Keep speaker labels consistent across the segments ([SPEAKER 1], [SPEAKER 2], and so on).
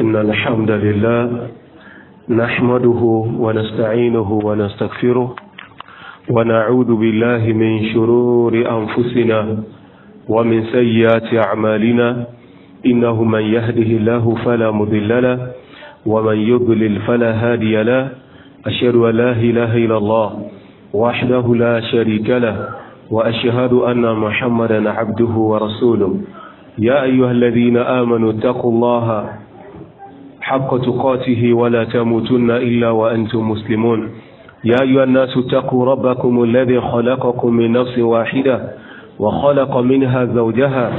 [SPEAKER 1] إن الحمد لله نحمده ونستعينه ونستغفره ونعوذ بالله من شرور أنفسنا ومن سيئات أعمالنا إنه من يهده الله فلا مضل له ومن يضلل فلا هادي له أشهد أن لا إله إلا الله وحده لا شريك له وأشهد أن محمدا عبده ورسوله يا أيها الذين آمنوا اتقوا الله حق تقاته ولا تموتن إلا وأنتم مسلمون يا أيها الناس اتقوا ربكم الذي خلقكم من نفس واحدة وخلق منها زوجها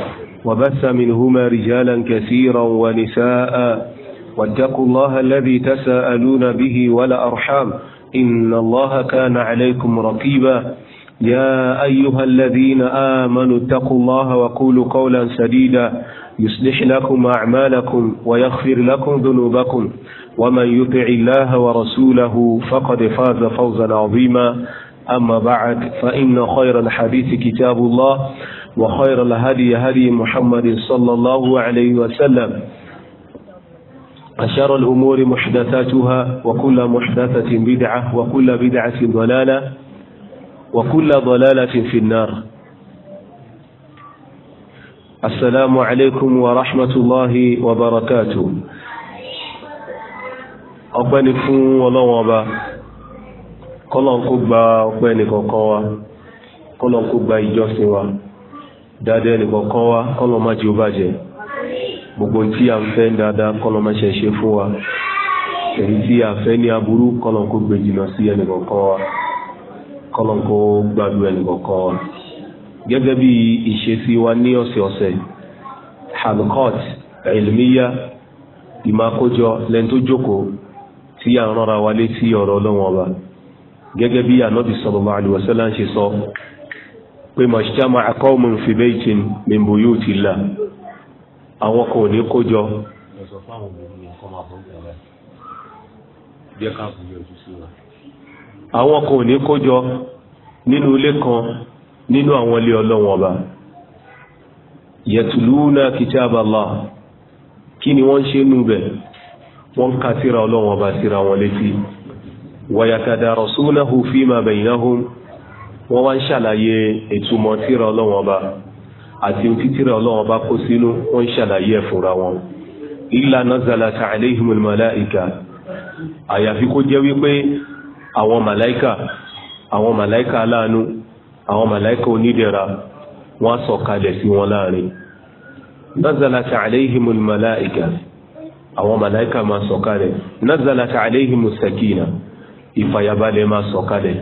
[SPEAKER 1] وبث منهما رجالا كثيرا ونساء واتقوا الله الذي تساءلون به ولا أرحام إن الله كان عليكم رقيبا يا أيها الذين آمنوا اتقوا الله وقولوا قولا سديدا يصلح لكم أعمالكم ويغفر لكم ذنوبكم ومن يطع الله ورسوله فقد فاز فوزا عظيما أما بعد فإن خير الحديث كتاب الله وخير الهدي هدي محمد صلى الله عليه وسلم أشار الأمور محدثاتها وكل محدثة بدعة وكل بدعة ضلالة وكل ضلالة في النار السلام عليكم ورحمة الله وبركاته ọpẹ́ ni fún ọlọ́wọ́n ọba kọ́lọ̀n kó gba ọpẹ́ nìkọ̀ọ̀kan wa kọ́lọ̀n kó gba ìjọsìn wa dáadáa nìkọ̀ọ̀kan wa kọ́lọ̀n má jí ó bàjẹ́ gbogbo tí a ń fẹ́ dáadáa kọ́lọ̀n má ṣe ṣe fún wa èyí tí a fẹ́ ní aburú kọ́lọ̀n kó sí ẹnìkọ̀ọ̀kan wa kọ́lọ̀n kó gbàdúrà wa gẹ́gẹ́ bí ìṣesí wa ní ọ̀sẹ̀ ọ̀sẹ̀ halkot ilmiya ìmákójọ lẹ́ni tó jókòó tí a rọra wa létí ọ̀rọ̀ ọlọ́wọ́n ọba gẹ́gẹ́ bí ànábì sallallahu alaihi wasallam ń ṣe sọ pé mọ̀ṣíjámà qawmun fi baytin min buyutillah àwọn kan nínú àwọn ilé ọlọ́wọ́n ọba yẹtùlúùnà kìtàbà Allah kí ni wọ́n ṣe nù bẹ̀ wọ́n ka síra ọlọ́wọ́n ọba síra wọn létí wàyàtàdàrọ̀súnàhù fíìmà bẹ̀yìnáhùn wọ́n wá ń ṣàlàyé ìtumọ̀ síra ọlọ́wọ́n ọba àti títíra ọlọ́wọ́n ọba kó sínú wọ́n ń ṣàlàyé ẹ̀ fúnra wọn ìlà nazala ta'alayhimul malaika àyàfi kó jẹ́ wípé àwọn màláìkà àwọn màláìkà aláàánú àwọn màláíkà onídẹ̀ra wọ́n sọ kalẹ̀ sí wọn láàrin nazalata alayhim màláíkà àwọn màláíkà máa sọ kalẹ̀ nazalata alayhim sakina ìfàyàbalẹ̀ máa sọ kalẹ̀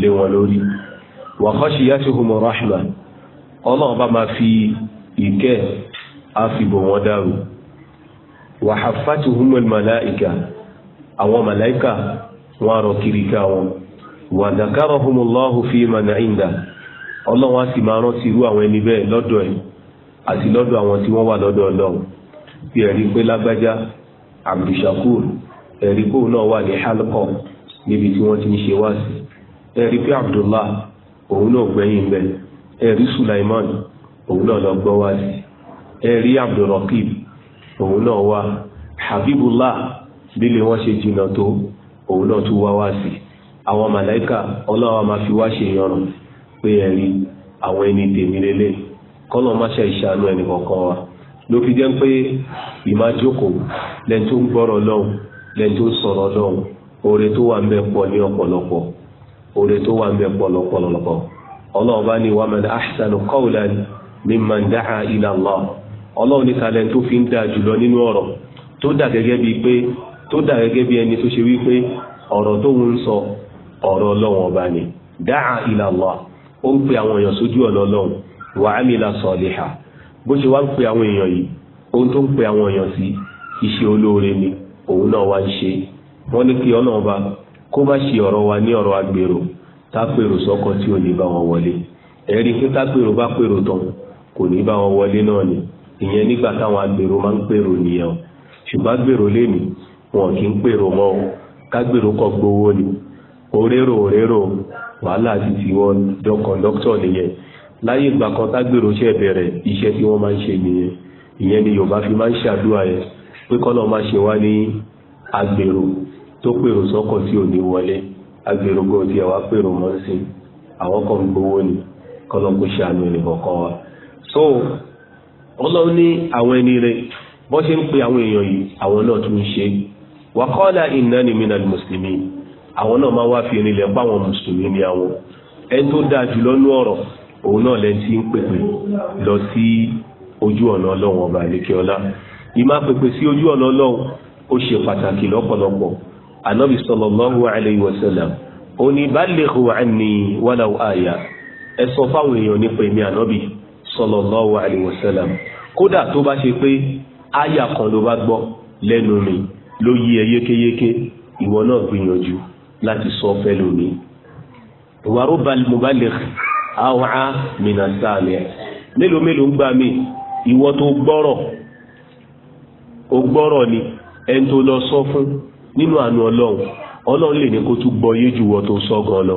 [SPEAKER 1] lé wọn lórí wa khashiyatuhum rahma ọlọ́run bá máa fi ìkẹ́ àfibò wọn dárò wa haffatuhum màláíkà àwọn màláíkà wọn rọ kiri ká wọn. wàdàkárọ̀hùnmùláhù fi mànà ìndà ọlọ́run á sì máa rántí irú àwọn ẹni bẹ́ẹ̀ lọ́dọ̀ ẹ̀ àti lọ́dọ̀ àwọn tí wọ́n wà lọ́dọ̀ ọlọ́run bí ẹ̀rí pé lágbájá abdulshakur ẹ̀rí pé òun náà wà ní halkọ níbi tí wọ́n ti ń ṣe wá sí ẹ̀rí abdullah òun náà gbẹ̀yìn bẹ́ẹ̀ ẹ̀rí sulaiman òun náà lọ gbọ́ wá sí ẹ̀rí òun náà habibullah bí lè wọ́n ṣe tó òun àwọn màláìkà ọlọ́wà máa fi wá ṣe ìyànràn pé ẹ̀rí àwọn ẹni tèmi lélẹ̀ kọ́nà má ṣe ìṣàánú ẹnì kọ̀ọ̀kan wa ló fi jẹ́ pé ìmájókòó lẹ́ni tó ń gbọ́rọ̀ lọ́hùn lẹ́ni tó ń sọ̀rọ̀ lọ́hùn oore tó wà ń bẹ pọ̀ ní ọ̀pọ̀lọpọ̀ oore tó wà ń bẹ pọ̀ lọ́pọ̀lọpọ̀ bá ní da'a ila ní fi ọ̀rọ̀ ọlọ́run ọba ni dáa ila Allah ó ń pe àwọn èèyàn sójú ọ̀nà ọlọ́run wa amila saliha bó ṣe wá ń pe àwọn èèyàn yìí ohun tó ń pe àwọn èèyàn sí iṣẹ́ olóore ni òun náà wá ń ṣe wọ́n ní kí ọlọ́run ọba kó bá ṣe ọ̀rọ̀ wa ní ọ̀rọ̀ agbèrò tápèrò sọ́kọ tí ò ní bá wọn wọlé ẹ̀rí pé tápèrò bá pèrò tán kò ní bá wọn wọlé náà ni ìyẹn nígbà táwọn agbèrò máa ń pèrò nìyẹn ṣùgbọ́n agbèrò lénìí wọn kì í pèrò mọ́ kágbèrò kọ́ gbowó ni orero orero wàhálà ti ti wọn dọ́kọ̀ndọ́kítọ̀ nìyẹn láyé ìgbà kan tágbèrò iṣẹ́ bẹ̀rẹ̀ iṣẹ́ tí wọ́n máa ń ṣe nìyẹn ìyẹn ni yorùbá fi máa ń ṣàdúrà yẹn pé kọ́nà máa ṣe wá ní agbèrò tó pèrò sọ́kọ̀ tí ò ní wọlé agbèrò gbọ́ tí ẹ̀wá pèrò mọ́ sí àwọn kan gbowó ni kọ́nà kò ṣe àmì ìrìnkọ̀kan wa. so ọlọ́run ní àwọn ẹni rẹ̀ bọ́ ṣe ń pe àwọn èèyàn yìí àwọn náà tún ń ṣe àwọn náà máa wá fi rinlẹ̀ pa àwọn mùsùlùmí ni àwọn ẹni tó dáa jù lọ́nú ọ̀rọ̀ òun náà lẹ́ni tí ń pèpè lọ sí ojú ọ̀nà ọlọ́run ọba àlekẹ́ ọlá ìmá pèpè sí ojú ọ̀nà ọlọ́run ó ṣe pàtàkì lọ́pọ̀lọpọ̀ anábì sallallahu alayhi wa sallam ó ní balighu anni walau aya ẹ sọ fáwọn èèyàn nípa èmi anábì sallallahu alayhi wa sallam kódà tó bá ṣe pé aya kan ló bá gbọ́ lẹ́nu mi ló yí ẹ yékéyéké ìwọ náà gbìyànjú láti sọ fẹ́lómi wàrúbà mubaligh awọ́á mìnàsáàmì mélòó mélòó ń gbà mí ìwọ tó gbọ́rọ̀ ó gbọ́rọ̀ ni ẹni tó lọ sọ fún nínú àánú ọlọrun ọlọrun lè ní kó tún gbọ yé ju wọ́n tó sọ gan lọ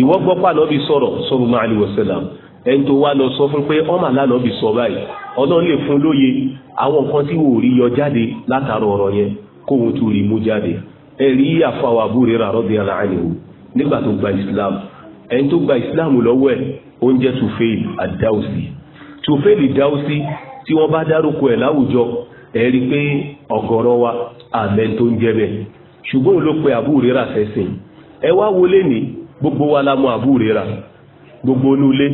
[SPEAKER 1] ìwọ gbọ́ pàlọ́ bí sọ̀rọ̀ sallallahu alaihi wasallam ẹni tó wá lọ sọ fún pé ọmọ àlálọ́ bí sọ báyìí ọlọrun lè fún lóye àwọn nǹkan tí wò rí yọ jáde látara ọ̀rọ̀ yẹn kóhun tó rí mú jáde ẹ̀rí àfàwà búrẹ́ rà rọ́bì aláàánìwò nígbà tó gba islam ẹni tó gba islam lọ́wọ́ ẹ̀ oúnjẹ tùfẹ́ẹ̀l àdáòsì tùfẹ́ẹ̀l ìdáòsì tí wọ́n bá dárúkọ ẹ̀ láwùjọ ẹ̀rí pé ọ̀gọ̀rọ̀ wa àmẹ́ tó ń jẹ́ bẹ́ẹ̀ ṣùgbọ́n ló pe àbúrẹ́ rà sẹ́sìn ẹ wá wọlé ní gbogbo wa la mọ àbúrẹ́ gbogbo onúlé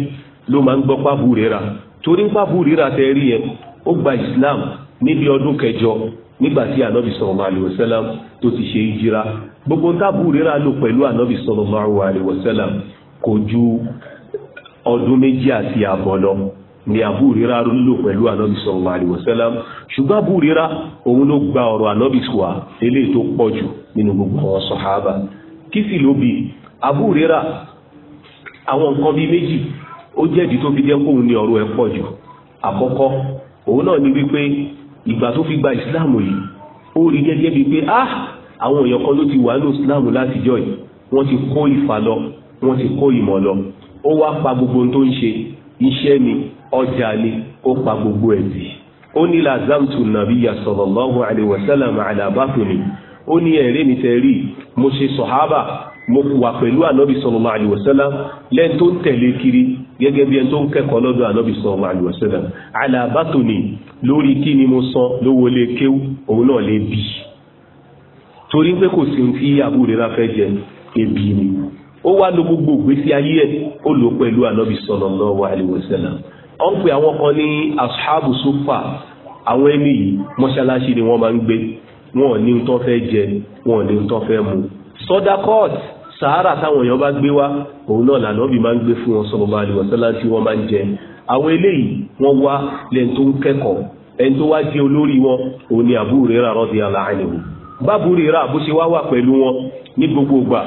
[SPEAKER 1] ló máa ń gbọ́ pàbúrẹ́ rà torí pàbúrẹ́ rà tẹ́ rí yẹn ó gba islam níbi ọdún kẹjọ nígbà tí ànábì sallallahu alaihi wasallam tó ti ṣe ìjira gbogbo tábù rírà lò pẹ̀lú ànábì sallallahu alaihi wasallam kò ju ọdún méjì àti àbọ̀ lọ ni àbú rírà lò pẹ̀lú ànábì sallallahu alaihi wasallam ṣùgbọ́n àbú rírà òun ló gba ọ̀rọ̀ ànábì sùwà eléyìí tó pọ̀ jù nínú gbogbo àwọn sàhábà kí sì ló bi àbú rírà àwọn nǹkan bíi méjì ó jẹ́dìí tó fi jẹ́ kóun ní ọ̀rọ̀ ẹ̀ pọ̀ jù àkọ́kọ́ òun náà ni wípé ìgbà tó fi gba islam yìí ó rí gẹ́gẹ́ bíi pé ah àwọn èèyàn kan ló ti wà ní islam látijọ́ yìí wọ́n ti kó ìfà lọ wọ́n ti kó ìmọ̀ lọ ó wá pa gbogbo tó ń ṣe iṣẹ́ ni ọjà ni ó pa gbogbo ẹ̀ sí ó ní lazamtu nabiya sallallahu alayhi wa sallam ala ó ní ẹ̀rí mi tẹ́ rí mo ṣe sọ̀hábà mo wà pẹ̀lú ànábì sallallahu alayhi wa sallam lẹ́ni tó ń tẹ̀lé kiri gẹ́gẹ́ bí ẹni tó ń kẹ́kọ̀ọ́ lọ́dọ̀ ànábì sallallahu alaihi wasallam alábàtò ni lórí kí ni mo san lówó lè kéw òun náà lè bì torí pé kò sí tí àbúrò rẹ̀ fẹ́ jẹ ebi ni ó wá lo gbogbo ìgbésí ayé ẹ̀ ó lò pẹ̀lú ànábì sallallahu alaihi wasallam ó ń pè àwọn kan ní ashabu sufa àwọn ẹni yìí mọ́ṣáláṣí ni wọ́n máa ń gbé wọn ò ní tó fẹ́ jẹ wọn ò ní tó fẹ́ mu sọdakọ́ọ̀tì sàárà táwọn èèyàn bá gbé wá òun náà lànàbì máa ń gbé fún wọn sallallahu alaihi wasallam tí wọ́n máa ń jẹ àwọn eléyìí wọ́n wá lẹ́ni tó ń kẹ́kọ̀ọ́ ẹni tó wá jẹ́ olórí wọn òun ni Abu Hurairah radiyallahu anhu bábù rírà bó ṣe wá wà pẹ̀lú wọn ní gbogbo ìgbà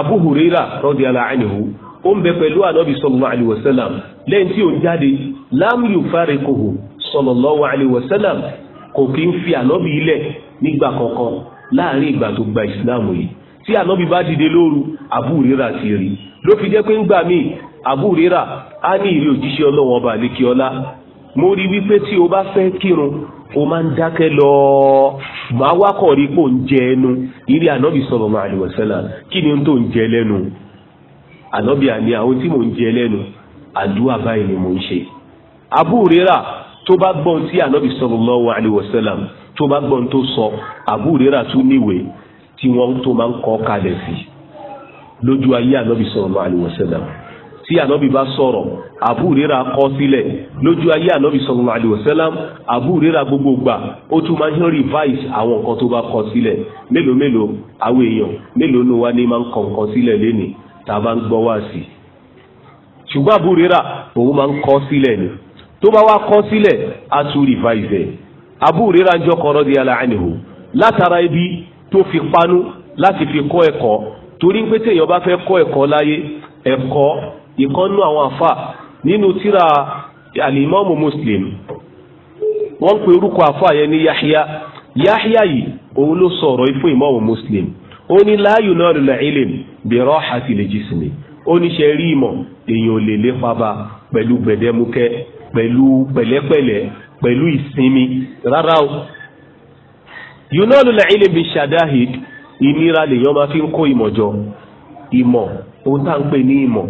[SPEAKER 1] Abu Hurairah radiyallahu anhu ó ń bẹ pẹ̀lú ànábì sallallahu alaihi wasallam lẹ́yìn tí ó jáde lam yufariquhu sallallahu alaihi wasallam kò kí ń fi ànábì ilẹ̀ nígbà tí ànábì bá dìde lóru àbúrírà sí rí ló fi jẹ́ pé ń gbà míì àbúrírà á ní ìrí òjíṣẹ́ ọlọ́wọ́n ọba àlékí ọlá mo rí wípé tí o bá fẹ́ kírun o máa ń dákẹ́ lọ máa wákọ̀ rí pò ń jẹ ẹnu ìrí ànábì sallallahu alaihi wasallam kí ni tó ń jẹ lẹ́nu ànábì àní àwọn tí mò ń jẹ lẹ́nu àdúrà báyìí ni mò ń ṣe àbúrírà tó bá gbọ́n tí ànábì sallallahu alaihi wasallam tó bá gbọ́n tó sọ àbúrírà tún níwèé tí wọ́n tó máa ń kọ́ kalẹ̀ sí lójú ayé ànábì sallallahu alaihi wasallam tí ànábì bá sọ̀rọ̀ àbúrera kọ́ sílẹ̀ lójú ayé ànábì sallallahu alaihi wasallam àbúrera gbogbo gbà ó tún máa ń revise àwọn nǹkan tó bá kọ́ sílẹ̀ mélòó mélòó àwọn èèyàn mélòó ló wá ní máa ń kọ́ nǹkan sílẹ̀ léni tá a bá ń gbọ́ wá sí ṣùgbọ́n àbúrera òun máa ń kọ́ sílẹ̀ ni tó bá wá kọ́ sílẹ̀ á tún revise ẹ̀ àbúrera jọkọ̀rọ̀ di aláàánihò látara tó fi panu láti fi kọ́ ẹ̀kọ́ torí pé téèyàn bá fẹ́ kọ́ ẹ̀kọ́ láyé ẹ̀kọ́ ìkọ́nú àwọn àfà nínú tíra alimọ́mù muslim wọ́n pe orúkọ àfà yẹn ní yahya yahya yìí òun ló sọ̀rọ̀ fún ìmọ̀mù muslim ó ní láàyò náà lọ́lọ́ ilim bẹ̀rọ àti lẹ́jísìmì ó ní ṣe rí ìmọ̀ èèyàn ò lè lépa bá pẹ̀lú gbẹ̀dẹ́mukẹ́ pẹ̀lú pẹ̀lẹ́pẹ̀lẹ́ pẹ̀lú ìsinmi rárá yunalu lẹ́yìn bí ṣàdáhìd ìnira lèèyàn máa fi ń kó ìmọ̀ jọ ìmọ̀ ohun tá à ń pè ní ìmọ̀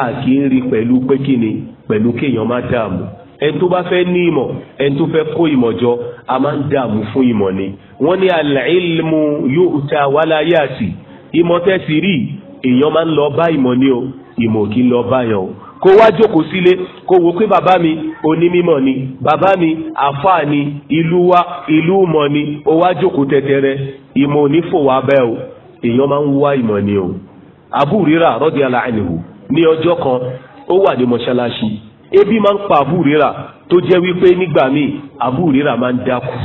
[SPEAKER 1] a kì í rí pẹ̀lú pé kí ni pẹ̀lú kéèyàn má dààmú ẹni tó bá fẹ́ ní ìmọ̀ ẹni tó fẹ́ kó ìmọ̀ jọ a máa ń dààmú fún ìmọ̀ ni wọ́n ní al-ilmu yu'ta wala ya'ti ìmọ̀ tẹ́sí rí èèyàn máa ń lọ bá ìmọ̀ ni o ìmọ̀ kì í lọ báyàn o kó wá jókòó sílé kó wo pé bàbá mi onímọ̀ ni bàbá mi àfáà ni ìlú wa ìlú mọ̀ ni ó wá jókòó tẹ̀tẹ̀rẹ̀ ìmọ̀ òní bẹ́ẹ̀ o èèyàn máa ń wá ìmọ̀ ni o Abu Rira radiyallahu anhu ní ọjọ́ kan ó wà ní mọ́ṣáláṣí ebi máa ń pa Abu Rira tó jẹ́ wípé nígbà míì Abu Rira máa ń dákú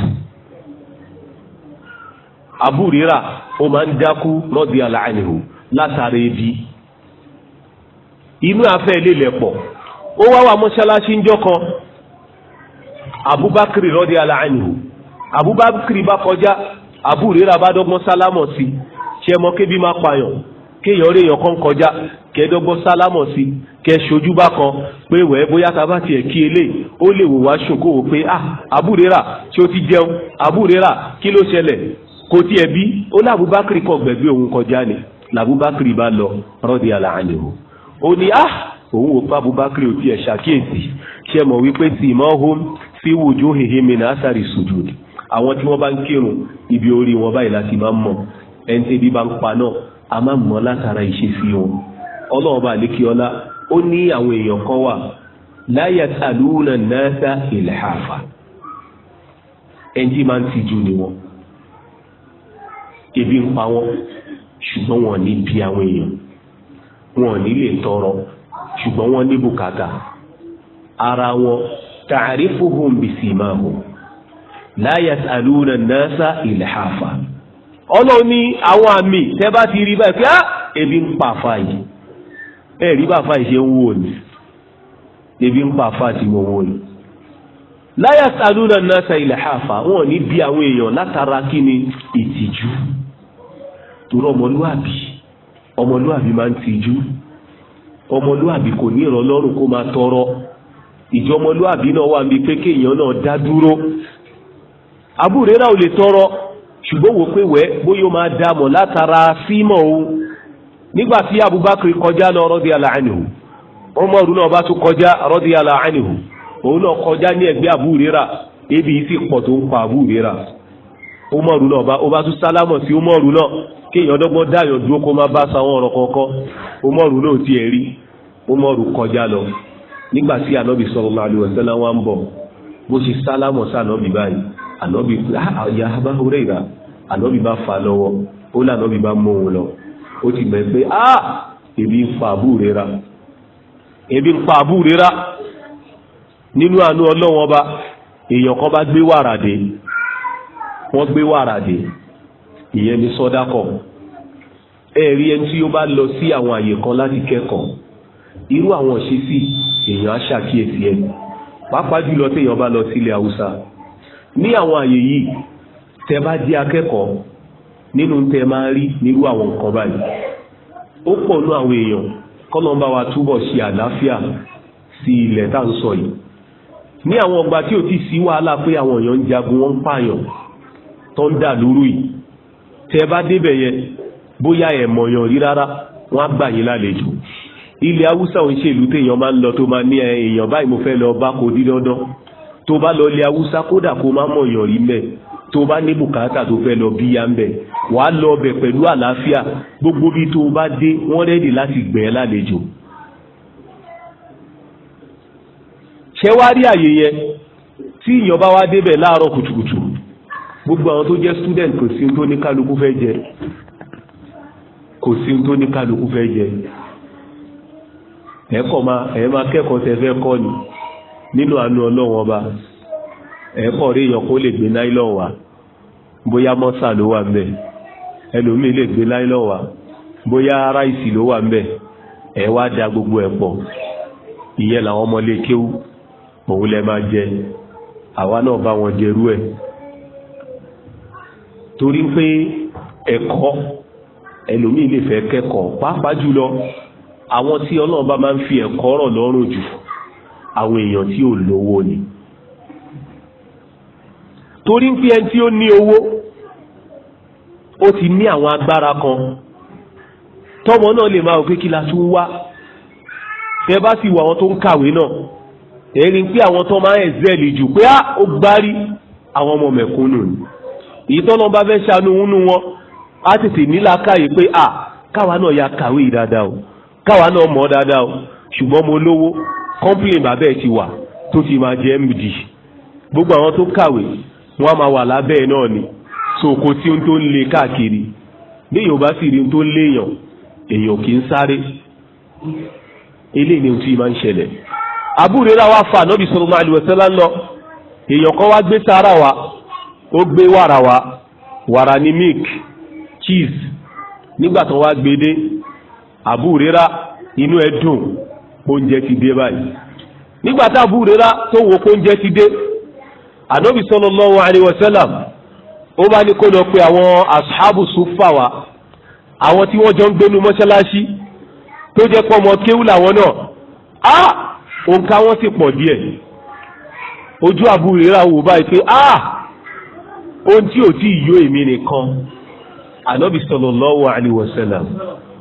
[SPEAKER 1] Abu Rira ó máa ń dákú radiyallahu anhu látàrí ebi inú afẹ́ ilé lẹ̀pọ̀ ó wá wà mọ́ṣáláṣí ń jọ́kọ Abubakar rọ́dí aláàánihù Abubakar bá kọjá abúrera bá dọ́gbọ́n sálámọ̀ sí ṣe mọ́ kébí máa pààyàn kéèyàn rí èèyàn kan kọjá kẹ́ẹ́dọ́gbọ́n sálámọ̀ sí kẹ́ ṣojú bá kan pé wẹ́ẹ́ bóyá ta bá tiẹ̀ kí elé ó lè wò wá ṣòkòwò pé ah abúrera ṣé ó ti jẹun abúrera kí ló ṣẹlẹ̀ kò tiẹ̀ bí ó lábúbákiri kan gbẹ̀gbẹ́ òun kọjá ni làbúbákiri bá lọ rọ́dí aláàánihù ó ní ah òun ò pa Abubakar ò tiẹ̀ ṣàkíyèsí ṣe mọ̀ wípé sí ìmọ̀ home sí wùjú hìhìn mi náà sáré sùjúdù àwọn tí wọ́n bá ń kírun ibi orí wọn báyìí láti máa ń mọ̀ ẹni tí ibi bá ń pa náà a máa ń mọ̀ látara ìṣesí wọn ọlọ́run bá lékè ọlá ó ní àwọn èèyàn kan wà láyà tàlúùnà náà ìlàáfà ẹni tí máa ń tijú ni wọn ebi ń pa wọn ṣùgbọ́n wọn ní bí àwọn èèyàn wọn ò ní lè tọrọ ṣùgbọ́n wọ́n ní bùkátà ara wọn ta'rifuhum bisimahum la yas'aluna an-nasa ilhafa ọlọ́run ní àwọn àmì tẹ́ bá ti rí báyìí pé á ah, ebi ń pa àfa yìí ẹ rí bá àfa yìí ṣe ń wò ní ebi ń pa àfa tí mo wò ní. la yas'aluna an-nasa ilhafa wọn ò ní bí àwọn èèyàn látara kí ni ìtìjú tó rọmọlúwàbí ọmọlúàbí máa ń tijú ọmọlúàbí kò ní ìrọlọ́rùn kó máa tọrọ ìjọmọlúàbí náà wà níbi pé kéèyàn náà dá dúró abúrera ò lè tọrọ ṣùgbọ́n wò pé wẹ́ bóyá ó máa dámọ̀ látara símọ̀ o nígbà tí Abubakar kọjá lọ radiyallahu anhu Umaru náà bá tún kọjá radiyallahu anhu òun náà kọjá ní ẹ̀gbẹ́ abúrera ebi sì pọ̀ tó ń pa abúrera Umaru náà ó bá tún sálámọ̀ sí Umaru náà kéèyàn ọdọ́gbọ́n dáyọ̀ dúró kó má bá sáwọn ọ̀rọ̀ kọ̀ọ̀kan Umaru náà tiẹ̀ rí Umaru kọjá lọ nígbà tí ànábì sallallahu alaihi wasallam wá ń bọ̀ bó ṣe sálámọ̀ sí ànábì báyìí ànábì ah, ah, ya bá rẹ̀ ìrà ànábì bá fa lọ́wọ́ ó lé ànábì bá mú òun lọ ó ti mẹ́ pé á ah, ebi ń fa àbúrera ebi ń pa àbúrera nínú àánú ọlọ́wọ́n ọba èèyàn kan bá gbé wàrà wọ́n gbé wàrà ìyẹn ni sọ́dákọ̀ ẹ̀rí ẹni tí ó bá lọ sí àwọn àyè kan láti kẹ́kọ̀ọ́ irú àwọn ìṣesí èèyàn á ṣàkíyèsí ẹ̀ pàápàá jùlọ téèyàn bá lọ sílẹ̀ haúsá ní àwọn àyè yìí tẹ bá jẹ́ akẹ́kọ̀ọ́ nínú tẹ máa rí nírú àwọn nǹkan báyìí ó pọ̀ nú àwọn èèyàn kọ́nà bá wa túbọ̀ ṣe àlàáfíà sí ilẹ̀ tá ń sọ yìí ní àwọn ọgbà tí ò ti sí wàhálà pé àwọn èèyàn ń jagun wọn ń pààyàn tó ń dà lóru yìí tẹ bá débẹ̀ yẹn bóyá ẹ̀ mọ̀yàn rí rárá wọ́n á gbà yín lálejò ilẹ̀ haúsá òun ṣèlú téèyàn máa ń lọ tó máa ní èèyàn báyìí mo fẹ́ lọ bá kò dí dandan tó bá lọ ilẹ̀ haúsá kódà kó má mọ̀yàn rí mẹ́ tó bá ní bùkátà tó fẹ́ lọ bíyà ń bẹ̀ wà á lọ bẹ̀ pẹ̀lú àlàáfíà gbogbo bí tó bá dé wọ́n rẹ́dì láti gbẹ̀ ẹ́ lálejò ṣẹ́wárí àyè yẹn tí ìyàn bá wá débẹ̀ láàárọ̀ kùtùkùtù gbogbo àwọn tó jẹ́ student kò sí tó ní kálukú fẹ́ jẹ kò sí tó ní kálukú fẹ́ jẹ ẹ̀kọ́ ma ẹ̀ kẹ́kọ̀ọ́ tẹ fẹ́ kọ́ ni nínú àánú ọlọ́run ọba ẹ̀kọ́ rí èèyàn kó lè gbé nylon wá bóyá mọ́sà ló wà ńbẹ̀ ẹlòmíì lè gbé nylon wá bóyá ráìsì ló wà ńbẹ̀ ẹ wá da gbogbo ẹ̀ pọ̀ ìyẹn làwọn ọmọ lè kéwú òun lẹ máa jẹ àwa náà bá wọn jẹrú ẹ̀ torí pé ẹ̀kọ́ ẹlòmíì lè fẹ́ kẹ́kọ̀ọ́ pàápàá jùlọ àwọn tí ọlọ́run bá máa ń fi ẹ̀kọ́ rọ̀ lọ́rùn jù àwọn èèyàn tí ò lówó ni torí pé ẹni tí ó ní owó ó ti ní àwọn agbára kan tọ́mọ náà lè máa wò la tún wá tẹ bá sì wọ àwọn tó ń kàwé náà ẹ̀rí pé àwọn tó máa ń ẹ̀zẹ́ẹ̀lì jù pé ah, ó gbárí àwọn ọmọ mẹ̀kúnnù ni èyí tọ́lọ́ bá fẹ́ ṣàánú nínú wọn á tètè nílàákàyè pé à káwa náà ya kàwé yìí dáadáa o káwa náà mọ̀ dáadáa o ṣùgbọ́n mo lówó complain bàbá ẹ̀ ti wà tó ti máa jẹ́ md gbogbo àwọn tó kàwé wọn á máa wà lábẹ́ ẹ̀ náà ni so kò sí ohun tó ń le káàkiri bí èèyàn bá sì rí ohun tó ń léèyàn èèyàn kì í sáré eléyìí ni ohun tí máa ń ṣẹlẹ̀ àbúrò rẹ̀ wá fa ànábì sallallahu alaihi wasallam lọ èèyàn kan wá gbé sára wa ó gbé wàrà wá wàrà ní milk cheese nígbà tó wá gbé dé àbúrera inú ẹ̀ dùn oúnjẹ ti dé báyìí nígbà tá àbúrera tó wò pé oúnjẹ ti dé ànábì sallallahu alaihi wasallam ó bá ní kó lọ pé àwọn ashabu sufa wa àwọn tí wọ́n jọ ń gbénu mọ́ṣáláṣí tó jẹ́ pọ́ ọmọ kéwù làwọn náà á òǹkà wọn sì pọ̀ díẹ̀ ojú àbúrera wò báyìí pé á ohun tí ò tí ì èmi nìkan ànábì sallallahu alaihi wasallam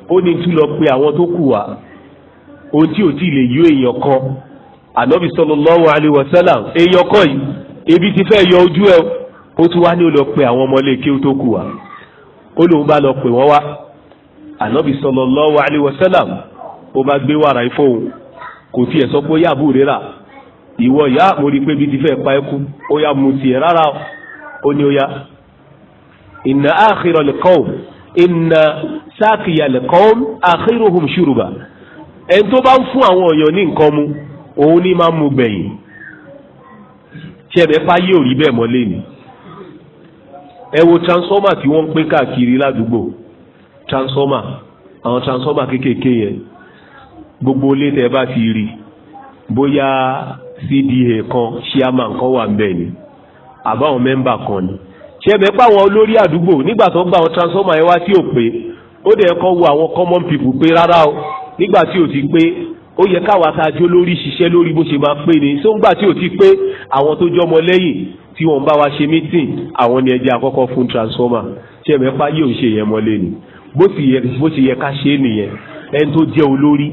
[SPEAKER 1] ó ní tún lọ pé àwọn tó kù wá ohun tí ò tí lè yó èèyàn kan ànábì sallallahu alaihi wasallam èèyàn kan yìí ebi ti fẹ́ yọ ojú ẹ ó tún wá ní ó lọ pé àwọn ọmọléèké tó kù wá ó lóun bá lọ pè wọ́n wá ànábì sallallahu alaihi wasallam ó bá gbé wàrà ifóhùn kò tiẹ̀ sọ pé ó yà búrẹ́rà ìwọ ìyá mo rí i pé ibi ti fẹ́ pa ẹ́ ó yà mu tiẹ̀ rárá o ó ní ó yá inna akhiral qawm inna sakiyal qawm akhiruhum shuruba ẹni tó bá ń fún àwọn èèyàn ní nǹkan mu òun ní máa ń mu gbẹ̀yìn tí ẹ̀bẹ̀ fáyé ò rí bẹ́ẹ̀ mọ́ lẹ́nu ẹ wo transformer tí wọ́n ń pín káàkiri ládùúgbò transformer àwọn transformer kéékèèké yẹn gbogbo ilé tẹ́ bá ti rí bóyá cda kan ṣíàmà kan wà ń bẹ̀ ni àbáwọn mẹ́mbà kan ni ṣẹ́bẹ̀ pa àwọn olórí àdúgbò nígbà tó gba àwọn transformer ẹ̀ wá tí ò pé ó dẹ̀ kọ́ wo àwọn common people pé rárá o nígbà tí ò ti pé ó yẹ káwa tá a jó lórí ṣiṣẹ́ lórí bó ṣe máa pé ni so ńgbà tí ò ti pé àwọn tó jọmọ lẹ́yìn tí wọ́n bá wa ṣe meeting àwọn ni ẹjẹ́ àkọ́kọ́ fún transformer ṣẹ́bẹ̀ pa yóò ṣe yẹn mọ́lẹ̀ ni bó ti yẹ ká ṣe é nìyẹn ẹni tó jẹ́ olórí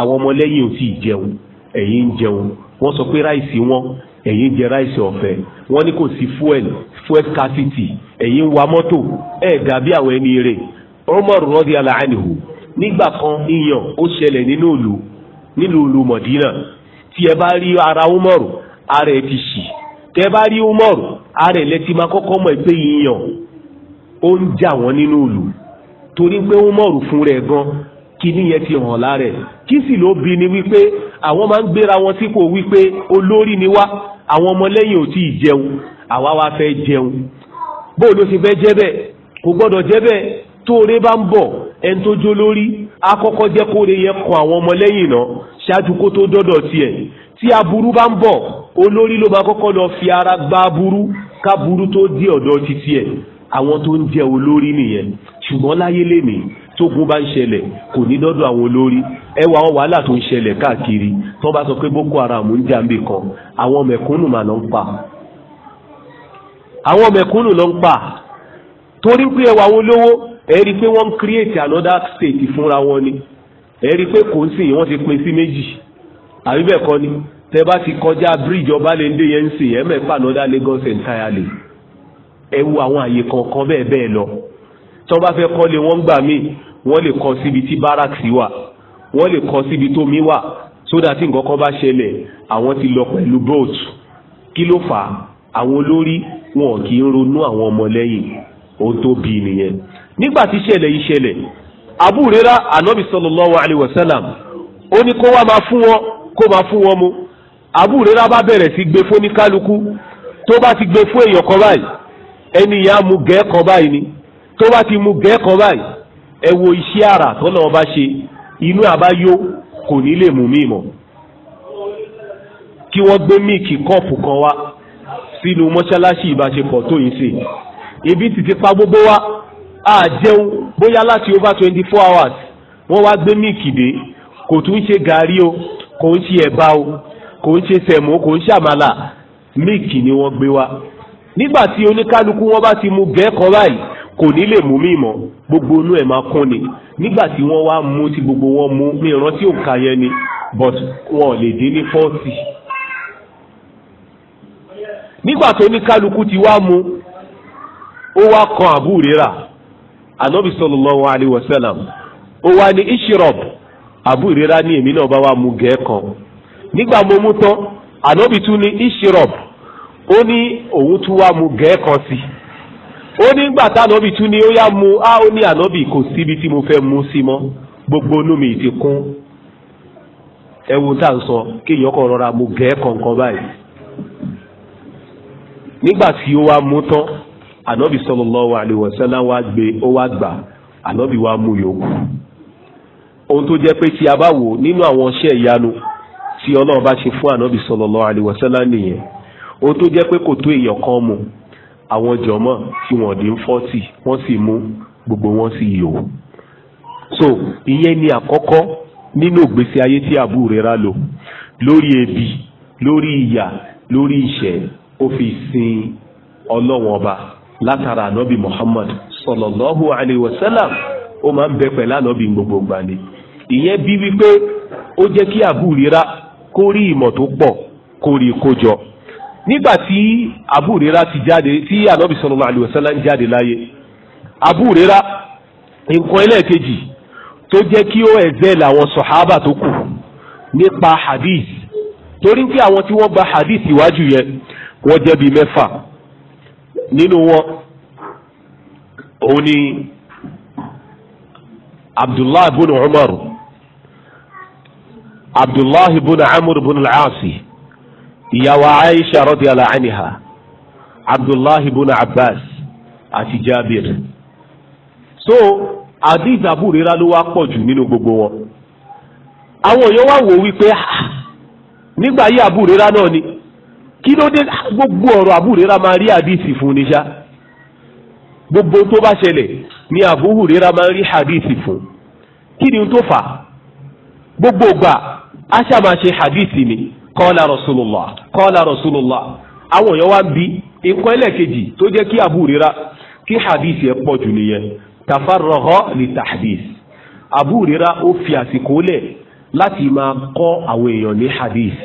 [SPEAKER 1] àwọn ọmọlẹ́yìn ò tí jẹun ẹ̀yin jẹun wọ́n sọ pé ráìsì wọn ẹ̀yin jẹ ráìsì ọ̀fẹ́ wọ́n ní kò sí fuel fuel scarcity ẹ̀yin wa mọ́tò ẹ̀ dàbí àwọn ẹni rẹ̀ Umar radiyallahu anhu nígbà kan iyàn ó ṣẹlẹ̀ nínú ìlú nílùú ìlú Mọ̀dínà tí ẹ bá rí ara Umar ara ẹ ti ṣì tẹ bá rí Umar ara ẹ lẹ́tí máa kọ́kọ́ mọ̀ pé iyàn ó ń jà wọ́n nínú ìlú torí pé Umar fún rẹ̀ gan-an kíní yẹn ti hàn lára ẹ̀ kí sì ló bí ni wípé àwọn máa ń gbéra wọn sípò wípé olórí ni wá àwọn ọmọlẹ́yìn ò tí ì jẹun àwa wá fẹ́ jẹun bó ló ti fẹ́ jẹ́ bẹ́ẹ̀ kò gbọ́dọ̀ jẹ́ bẹ́ẹ̀ tóore bá ń bọ̀ ẹni tó jó lórí á kọ́kọ́ jẹ́ kóore yẹn kan àwọn ọmọlẹ́yìn náà ṣáájú kó tó dọ́dọ̀ tiẹ̀ tí aburú bá ń bọ̀ olórí ló máa kọ́kọ́ lọ fi ara gba aburú káburú tó dé ọ̀dọ̀ titi ẹ̀ àwọn tó ń jẹ olórí nìyẹn ṣùgbọ́n láyé lèmi tógun bá ń ṣẹlẹ̀ kò ní dọ́dọ̀ àwọn olórí ẹ wá àwọn wàhálà tó ń ṣẹlẹ̀ káàkiri tó bá sọ pé boko haram ń jàǹbì kan àwọn mẹ̀kúnnù mà ló ń pa àwọn mẹ̀kúnnù ló ń pa torí pé ẹ wá àwọn olówó pé wọ́n ń create another state fúnra wọn ni ẹ rí i pé kò ń sìn wọ́n ti pín sí méjì àbí bẹ́ẹ̀ kọ́ ni tẹ bá ti kọjá bridge ọbalẹ̀ndé yẹn ń sìn ẹ mẹ́fà another Lagos entirely ẹ wo àwọn àyè kọ̀ọ̀kan bẹ́ẹ̀ bẹ́ẹ̀ lọ tí bá fẹ́ kọ́lé wọ́n gbà míì wọ́n lè kọ́ síbi tí barracks wà wọ́n lè kọ́ síbi tó mi wà sódà tí nǹkan kan bá ṣẹlẹ̀ àwọn ti lọ pẹ̀lú boat kí ló fà á àwọn olórí wọn kì í ronú àwọn ọmọ lẹ́yìn ohun tó bí nìyẹn nígbà tí ṣẹlẹ̀ yìí ṣẹlẹ̀ Abu Huraira anabi sallallahu alayhi wa sallam ó ní kó wá máa fún wọn kó máa fún wọn mu Abu Huraira bá bẹ̀rẹ̀ sí gbé fún oníkálukú tó bá ti gbé fún èèyàn kan báyìí ẹni yà mu gẹ́ẹ́ kan báyìí ni tó bá ti mu gẹ́ẹ́ kan báyìí ẹ wo iṣẹ́ àrà tó náà bá ṣe inú àbáyọ kò ní lè mú mi mọ̀ kí wọ́n gbé míìkì kọ́ọ̀pù kan wá sínú mọ́ṣáláṣí ìbáṣepọ̀ tó yìí sè ibi tí pa gbogbo wa a jẹun bóyá láti over twenty four hours wọ́n wá gbé míìkì dé kò tún ṣe gàrí o kò ń ṣe ẹ̀bà o kò ń ṣe sẹ̀mó kò ń ṣàmàlà míìkì ni wọ́n gbé wá nígbà tí oníkálukú wọn bá ti mu gẹ́ẹ̀kọ́ báyìí kò ní lè mú mí mọ́ gbogbo inú ẹ̀ máa kún ni nígbà tí wọ́n wá mú tí gbogbo wọn mú ní ìrántí òǹkà yẹn ni but wọn ò lè dín ní fọ́ọ̀tì
[SPEAKER 2] nígbà tó ní kálukú
[SPEAKER 1] ti wá mú ó wá kan àbúrérà sọlọ sallallahu alaihi wasallam ó wá ní ishirop àbúrérà ní èmi náà bá wá mú gẹ́ẹ́ kan nígbà mo mú tán ànábì tún ní ishirop ó ní òun tún wá mú gẹ́ẹ́ kan sí i ó nígbà tánàbì tún ni ó yá mu á ó ní ànábì kò síbi tí mo fẹ́ mu sí mọ́ gbogbo inú mi ti kún ẹwu tá à ń sọ kàn mu gẹ́ kọ̀ọ̀kan báyìí nígbà tí ó wá mu tán ànábì sallallahu alaihi wasallam wá gbé ó wá gbà ànábì wá yòókù ohun tó jẹ́ pé tí a bá wò nínú àwọn ìyanu tí ọlọ́run bá ṣe fún ohun tó jẹ́ pé kò tó kan mu àwọn jọmọ́ tí wọ́n dín fọ́tì wọ́n sì mú gbogbo wọn sì yò so ìyẹn ni àkọ́kọ́ nínú ìgbésí ayé tí Abu Rera lò lórí ebi lórí ìyà lórí ìṣẹ́ ó fi sin ọlọ́wọ́n ọba látara ànábì Muhammad sallallahu alayhi wa sallam ó máa ń bẹ pẹ̀lú ànábì gbogbo gbani ìyẹn bí wípé ó jẹ́ kí Abu Rera kó rí ìmọ̀ tó pọ̀ kó rí nígbà tí Abu Huraira ti jáde tí anabi sallallahu alaihi wasallam jáde láyé Abu Huraira nǹkan ẹlẹ́ẹ̀kejì tó jẹ́ kí ó ẹ̀zẹ́ làwọn sọ̀hábà tó kù nípa hadith torí pé àwọn tí wọ́n gba hadith iwájú yẹn wọ́n jẹ́ bíi mẹ́fà nínú wọn òun ni Abdullahi ibn Umar Abdullahi ibn Amr ibn al ìyàwó aisha radiyallahu anha abdullahi bun abbas àti jabir so hadith Abu Hurairah ló wá pọ̀ jù nínú gbogbo wọn àwọn èèyàn wá wò wípé ah, nígbà yí Abu Hurairah náà ni kí ló dé ah, gbogbo ọ̀rọ̀ Abu Hurairah máa rí hadith fún ni gbogbo tó bá ṣẹlẹ̀ ni Abu Hurairah máa rí hadith fún kí ni tó fà gbogbo gbà á ṣàmáṣe hadith ni kọ́lá rasulullah kọ́lá rasulullah àwọn èèyàn wá bí nǹkan ẹlẹ́ẹ̀kejì tó jẹ́ kí Abu Hurairah kí hadith yẹn pọ̀ jù nìyẹn tafarraha li tahdith Abu Hurairah ó fi àsìkò lẹ̀ láti máa kọ́ àwọn èèyàn ní hadith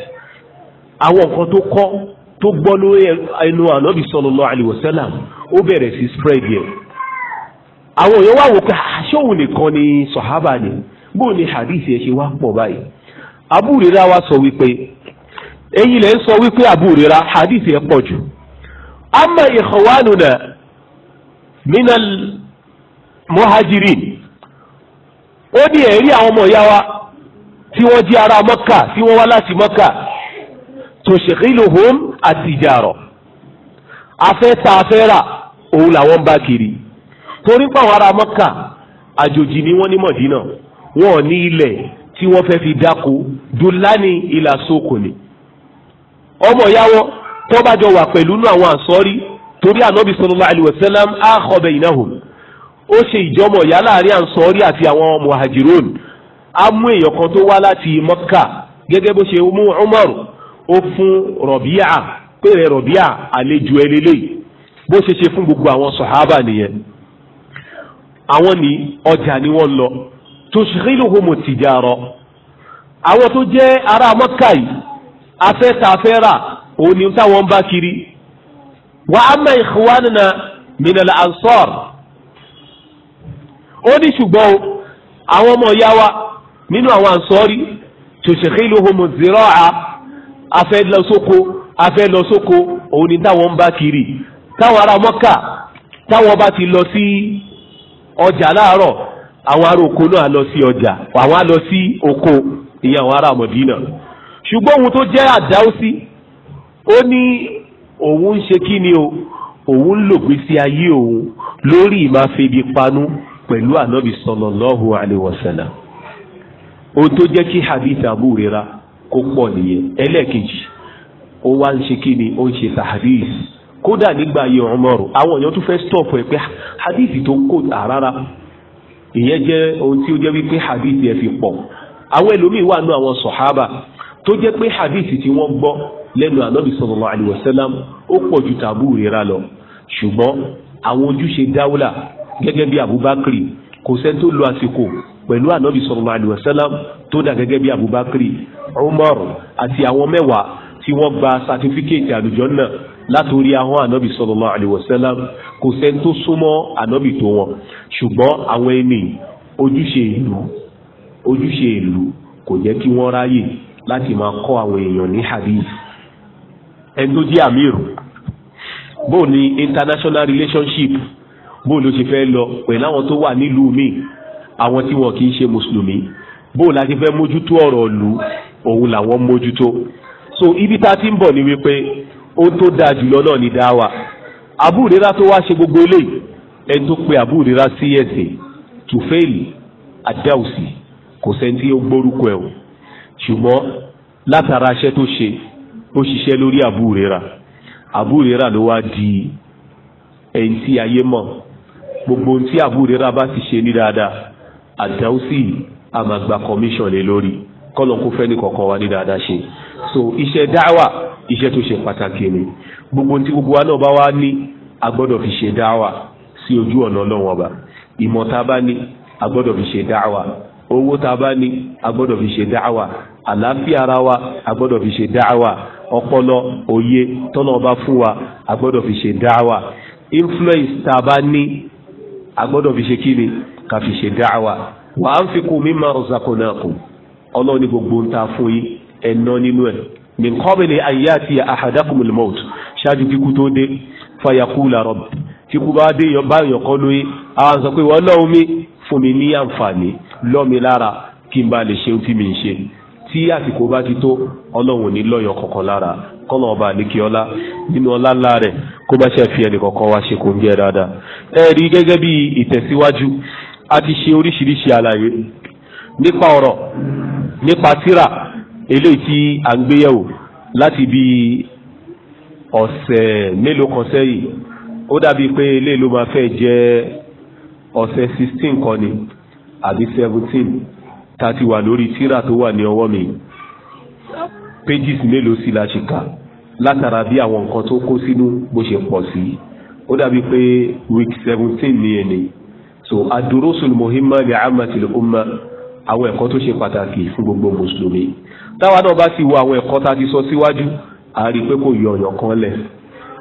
[SPEAKER 1] àwọn nǹkan tó kọ́ tó gbọ́ lórí ẹnu ànábì sallallahu alaihi wasallam ó bẹ̀rẹ̀ sí spread yẹn èyí lè ń sọ wípé àbúrera hadith yẹn pọ̀ jù amma ikhwanuna minal muhajirin ó ní ẹ̀rí àwọn ọmọ ìyá wa tí wọ́n jẹ́ ará mọ́kà tí wọ́n wá láti mọ́kà tushghiluhum àtijàrọ̀ afẹ́ ta afẹ́ rà òun làwọn ń bá kiri torí pé àwọn mọ́kà àjòjì ni wọ́n ní mọ̀dínà wọn ní ilẹ̀ tí wọ́n fẹ́ fi dáko dùn lánìí ìlà sókò ni ọmọ ìyá wọn tó bá jọ wà pẹ̀lú nínú àwọn ànsọ́rí torí ànábì sallallahu alaihi wasallam akha bainahum ó ṣe ìjọmọ̀ ìyá láàrin ànsọ́rí àti àwọn muhajirun á mú èèyàn kan tó wá láti Mọ́kà gẹ́gẹ́ bó ṣe mú Umar ó fún Rọ̀bíà péré Rọ̀bíà àlejò ẹlẹ́lẹ́ bó ṣe ṣe fún gbogbo àwọn sọ̀hábà nìyẹn àwọn ní ọjà ni wọ́n lọ tushghiluhum tijara àwọn tó jẹ́ ará Mọ́kà yìí afẹ́ta afẹ́ra òun ni táwọn ń bá kiri wa ama ikhwanuna minal ansar ó ní ṣùgbọ́n àwọn ọmọ ìyá wa nínú àwọn ansọ́rí tushkhiluhum zira'a afẹ́ lọ sóko afẹ́ lọ sóko òun ni táwọn ń bá kiri táwọn ará mọ́kà táwọn bá ti lọ sí ọjà láàárọ̀ àwọn ará oko náà lọ sí ọjà àwọn á lọ sí oko ìyẹn àwọn ará mọ̀dínà ṣùgbọ́n òun tó jẹ́ àdáwọ́sí ó ní òun ń ṣe kí ni o òun ń lògbé sí ayé òun lórí ìmáfebi panu pẹ̀lú ànábì sallallahu alaihi wasallam ohun tó jẹ́ kí hadith Abu Huraira kó pọ̀ nìyẹn ẹlẹ́ẹ̀kejì ó wá ń ṣe kí ni ó ń ṣe sahadis kódà nígbà ayé Umaru àwọn èèyàn tún fẹ́ stop ẹ pé hadith tó kò rárá ìyẹn jẹ́ ohun tí ó jẹ́ wípé hadith ẹ fi pọ̀ àwọn ẹlòmíín wà nú àwọn sọ̀hábà tó jẹ́ pé hadithi tí wọ́n gbọ́ lẹ́nu ànábì sallallahu alaihi wasallam ó pọ̀ ju tàbú ìrera lọ ṣùgbọ́n àwọn ojúṣe dáwùlà gẹ́gẹ́ bí abubakar kò sẹ́ni tó lo àsìkò pẹ̀lú ànábì sallallahu alaihi wasallam tó dà gẹ́gẹ́ bí abubakar umar àti àwọn mẹ́wàá tí wọ́n gba sátífíkẹ́ẹ̀tì àlùjànnà látòrí àwọn ànábì sallallahu alaihi wasallam kò sẹ́ni kò jẹ́ kí wọ́n ráyè láti máa kọ́ àwọn èèyàn ní hadith ẹni tó bó ni international relationship bó ló ṣe fẹ́ lọ pẹ̀lú àwọn tó wà nílùú mi àwọn tí wọn kì í ṣe mùsùlùmí bó la ti fẹ́ mójútó ọ̀rọ̀ ìlú òun làwọn mójútó so ibi tá a ti ń bọ̀ ni wípé ó tó dáa jùlọ náà ní dáwà abúrera tó wá ṣe gbogbo eléyìí ẹni tó pe abúrera sí ẹsẹ̀ tùfẹ́ẹ̀lì àdáòsì kò sẹ́ni tí ó gbórúkọ ẹ̀ ṣùgbọ́n látara aṣẹ́ tó ṣe ó ṣiṣẹ́ lórí àbúrera àbúrera ló wá di ẹni tí ayé mọ̀ gbogbo ohun tí àbúrera bá ti ṣe ní dáadáa àdáwùsí àmàgbà commission lé lórí kọ́lọ̀ kó fẹ́ ní kọ̀ọ̀kan wa ní dáadáa ṣe so iṣẹ́ dáwà iṣẹ́ tó ṣe pàtàkì ni gbogbo ohun tí gbogbo wa náà bá wá ní a gbọ́dọ̀ fi ṣe dáwà sí ojú ọ̀nà ọlọ́wọ́n ọba ìmọ̀ bá ní a gbọ́dọ̀ fi ṣe dáwà owó tá a bá ní a gbọ́dọ̀ fi ṣe dáhàwà àlàáfíà ara wa a fi ṣe dáhàwà ọpọlọ òye tọ́nà ọba fún wa a fi ṣe dáhàwà influence tá a bá ní a gbọ́dọ̀ fi ṣe kíni ká fi ṣe dáhàwà wa anfiqu mimma razaqnakum ọlọ́run ní gbogbo ń ta fún yín ẹ̀nà nínú ẹ̀ min qabli an ya'tiya ahadakumul maut ṣáájú kíkú tó dé fayaqula rabbi kíkú bá dé báyọ̀ kọ́ lóye àwọn sọ pé wọ́n náà mi fún mi ní àǹfààní lọ́mi lára kí n bá lè ṣe tí mi ń ṣe tí àsìkò bá ti tó ọlọ́run ní lọ́yọ̀ kọ̀ọ̀kan lára kọ́nà ọba àlékè ọlá nínú ọlá ńlá rẹ̀ kó bá ṣe fi ẹnì kọ̀ọ̀kan wá ṣe kò ń jẹ́ dáadáa. ẹ rí gẹ́gẹ́ bí ìtẹ̀síwájú a ti ṣe oríṣiríṣi àlàyé nípa ọ̀rọ̀ nípa tírà eléyìí tí à ń gbéyẹ̀wò láti bí ọ̀sẹ̀ mélòó kan sẹ́yìn ó dàbí pé eléyìí ló máa fẹ́ jẹ́ ọ̀sẹ̀ sixteen kan ni àbí seventeen tá a ti wà lórí tírà tó wà ní ọwọ́ mi pages mélòó sí la ṣe kà látara bí àwọn nǹkan tó kó sínú bó ṣe pọ̀ sí ó dàbí pé week seventeen ní ẹni so adurusul muhimma li amatil umma àwọn ẹ̀kọ́ tó ṣe pàtàkì fún gbogbo mùsùlùmí táwa náà bá sì wo àwọn ẹ̀kọ́ tá a ti sọ síwájú a rí pé kò yọ ọ̀yàn kan lẹ̀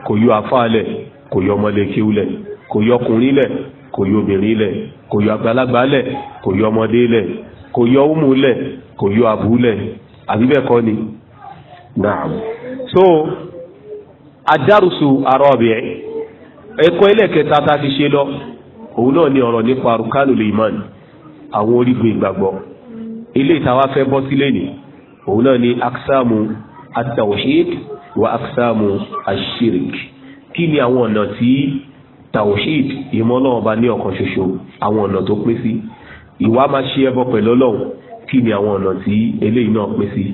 [SPEAKER 1] kò yọ àfáà lẹ̀ kò yọ ọmọlẹ́kíw lẹ̀ kò yọ ọkùnrin lẹ̀ kò yọ obìnrin lẹ̀ kò yọ àgbàlagbà lẹ̀ kò yọ ọmọdé lẹ̀ kò yọ ọmú lẹ̀ kò yọ àbú lẹ̀ àbí ni naam so adarusu arọ́bìẹ̀ ẹ̀kọ́ ẹlẹ́kẹta tá a ti ṣe lọ òun náà ni ọ̀rọ̀ nípa arukanu liman àwọn orígun ìgbàgbọ́ ilé ìtawá fẹ́ bọ́ sílé ni òun náà ni aksamu atawhid wa aksamu ashirik kí ni àwọn ọ̀nà tí tawhid ìmọ̀ ọlọ́run ọba ní ọ̀kan ṣoṣo àwọn ọ̀nà tó pín sí ìwà máa ṣe ẹbọ pẹ̀lú ọlọ́run kí ni àwọn ọ̀nà tí eléyìí náà pín sí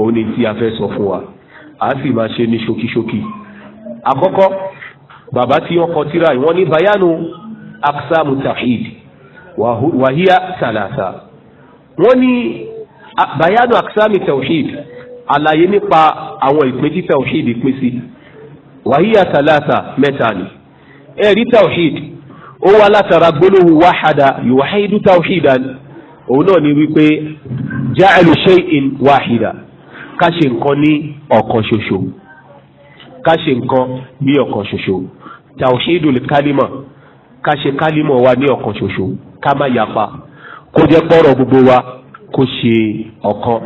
[SPEAKER 1] òun ni tí a fẹ́ sọ fún wa a sì máa ṣe ní ṣókíṣókí àkọ́kọ́ bàbá tí wọ́n kọ tírà yìí wọ́n ní bayanu aksamu tawhid wàhíà sàlàsà wọ́n ní bayanu aksamu tawhid àlàyé nípa àwọn ìpín tí tawhid pín sí wàhíà sàlàsà mẹ́ta ni ẹ̀rí tawhid ó wá látara gbólóhùn wáhada yuwahidu tawhidan òun náà ni wípé ja'alu shay'in wáhida ká ṣe nǹkan ní ọ̀kan ṣoṣo ká ṣe nǹkan ní ọ̀kan ṣoṣo tawhidul kalima ká ṣe kalima wa ní ọ̀kan ṣoṣo ká má yapa kó jẹ́ pọ́rọ̀ gbogbo wa kó ṣe ọ̀kan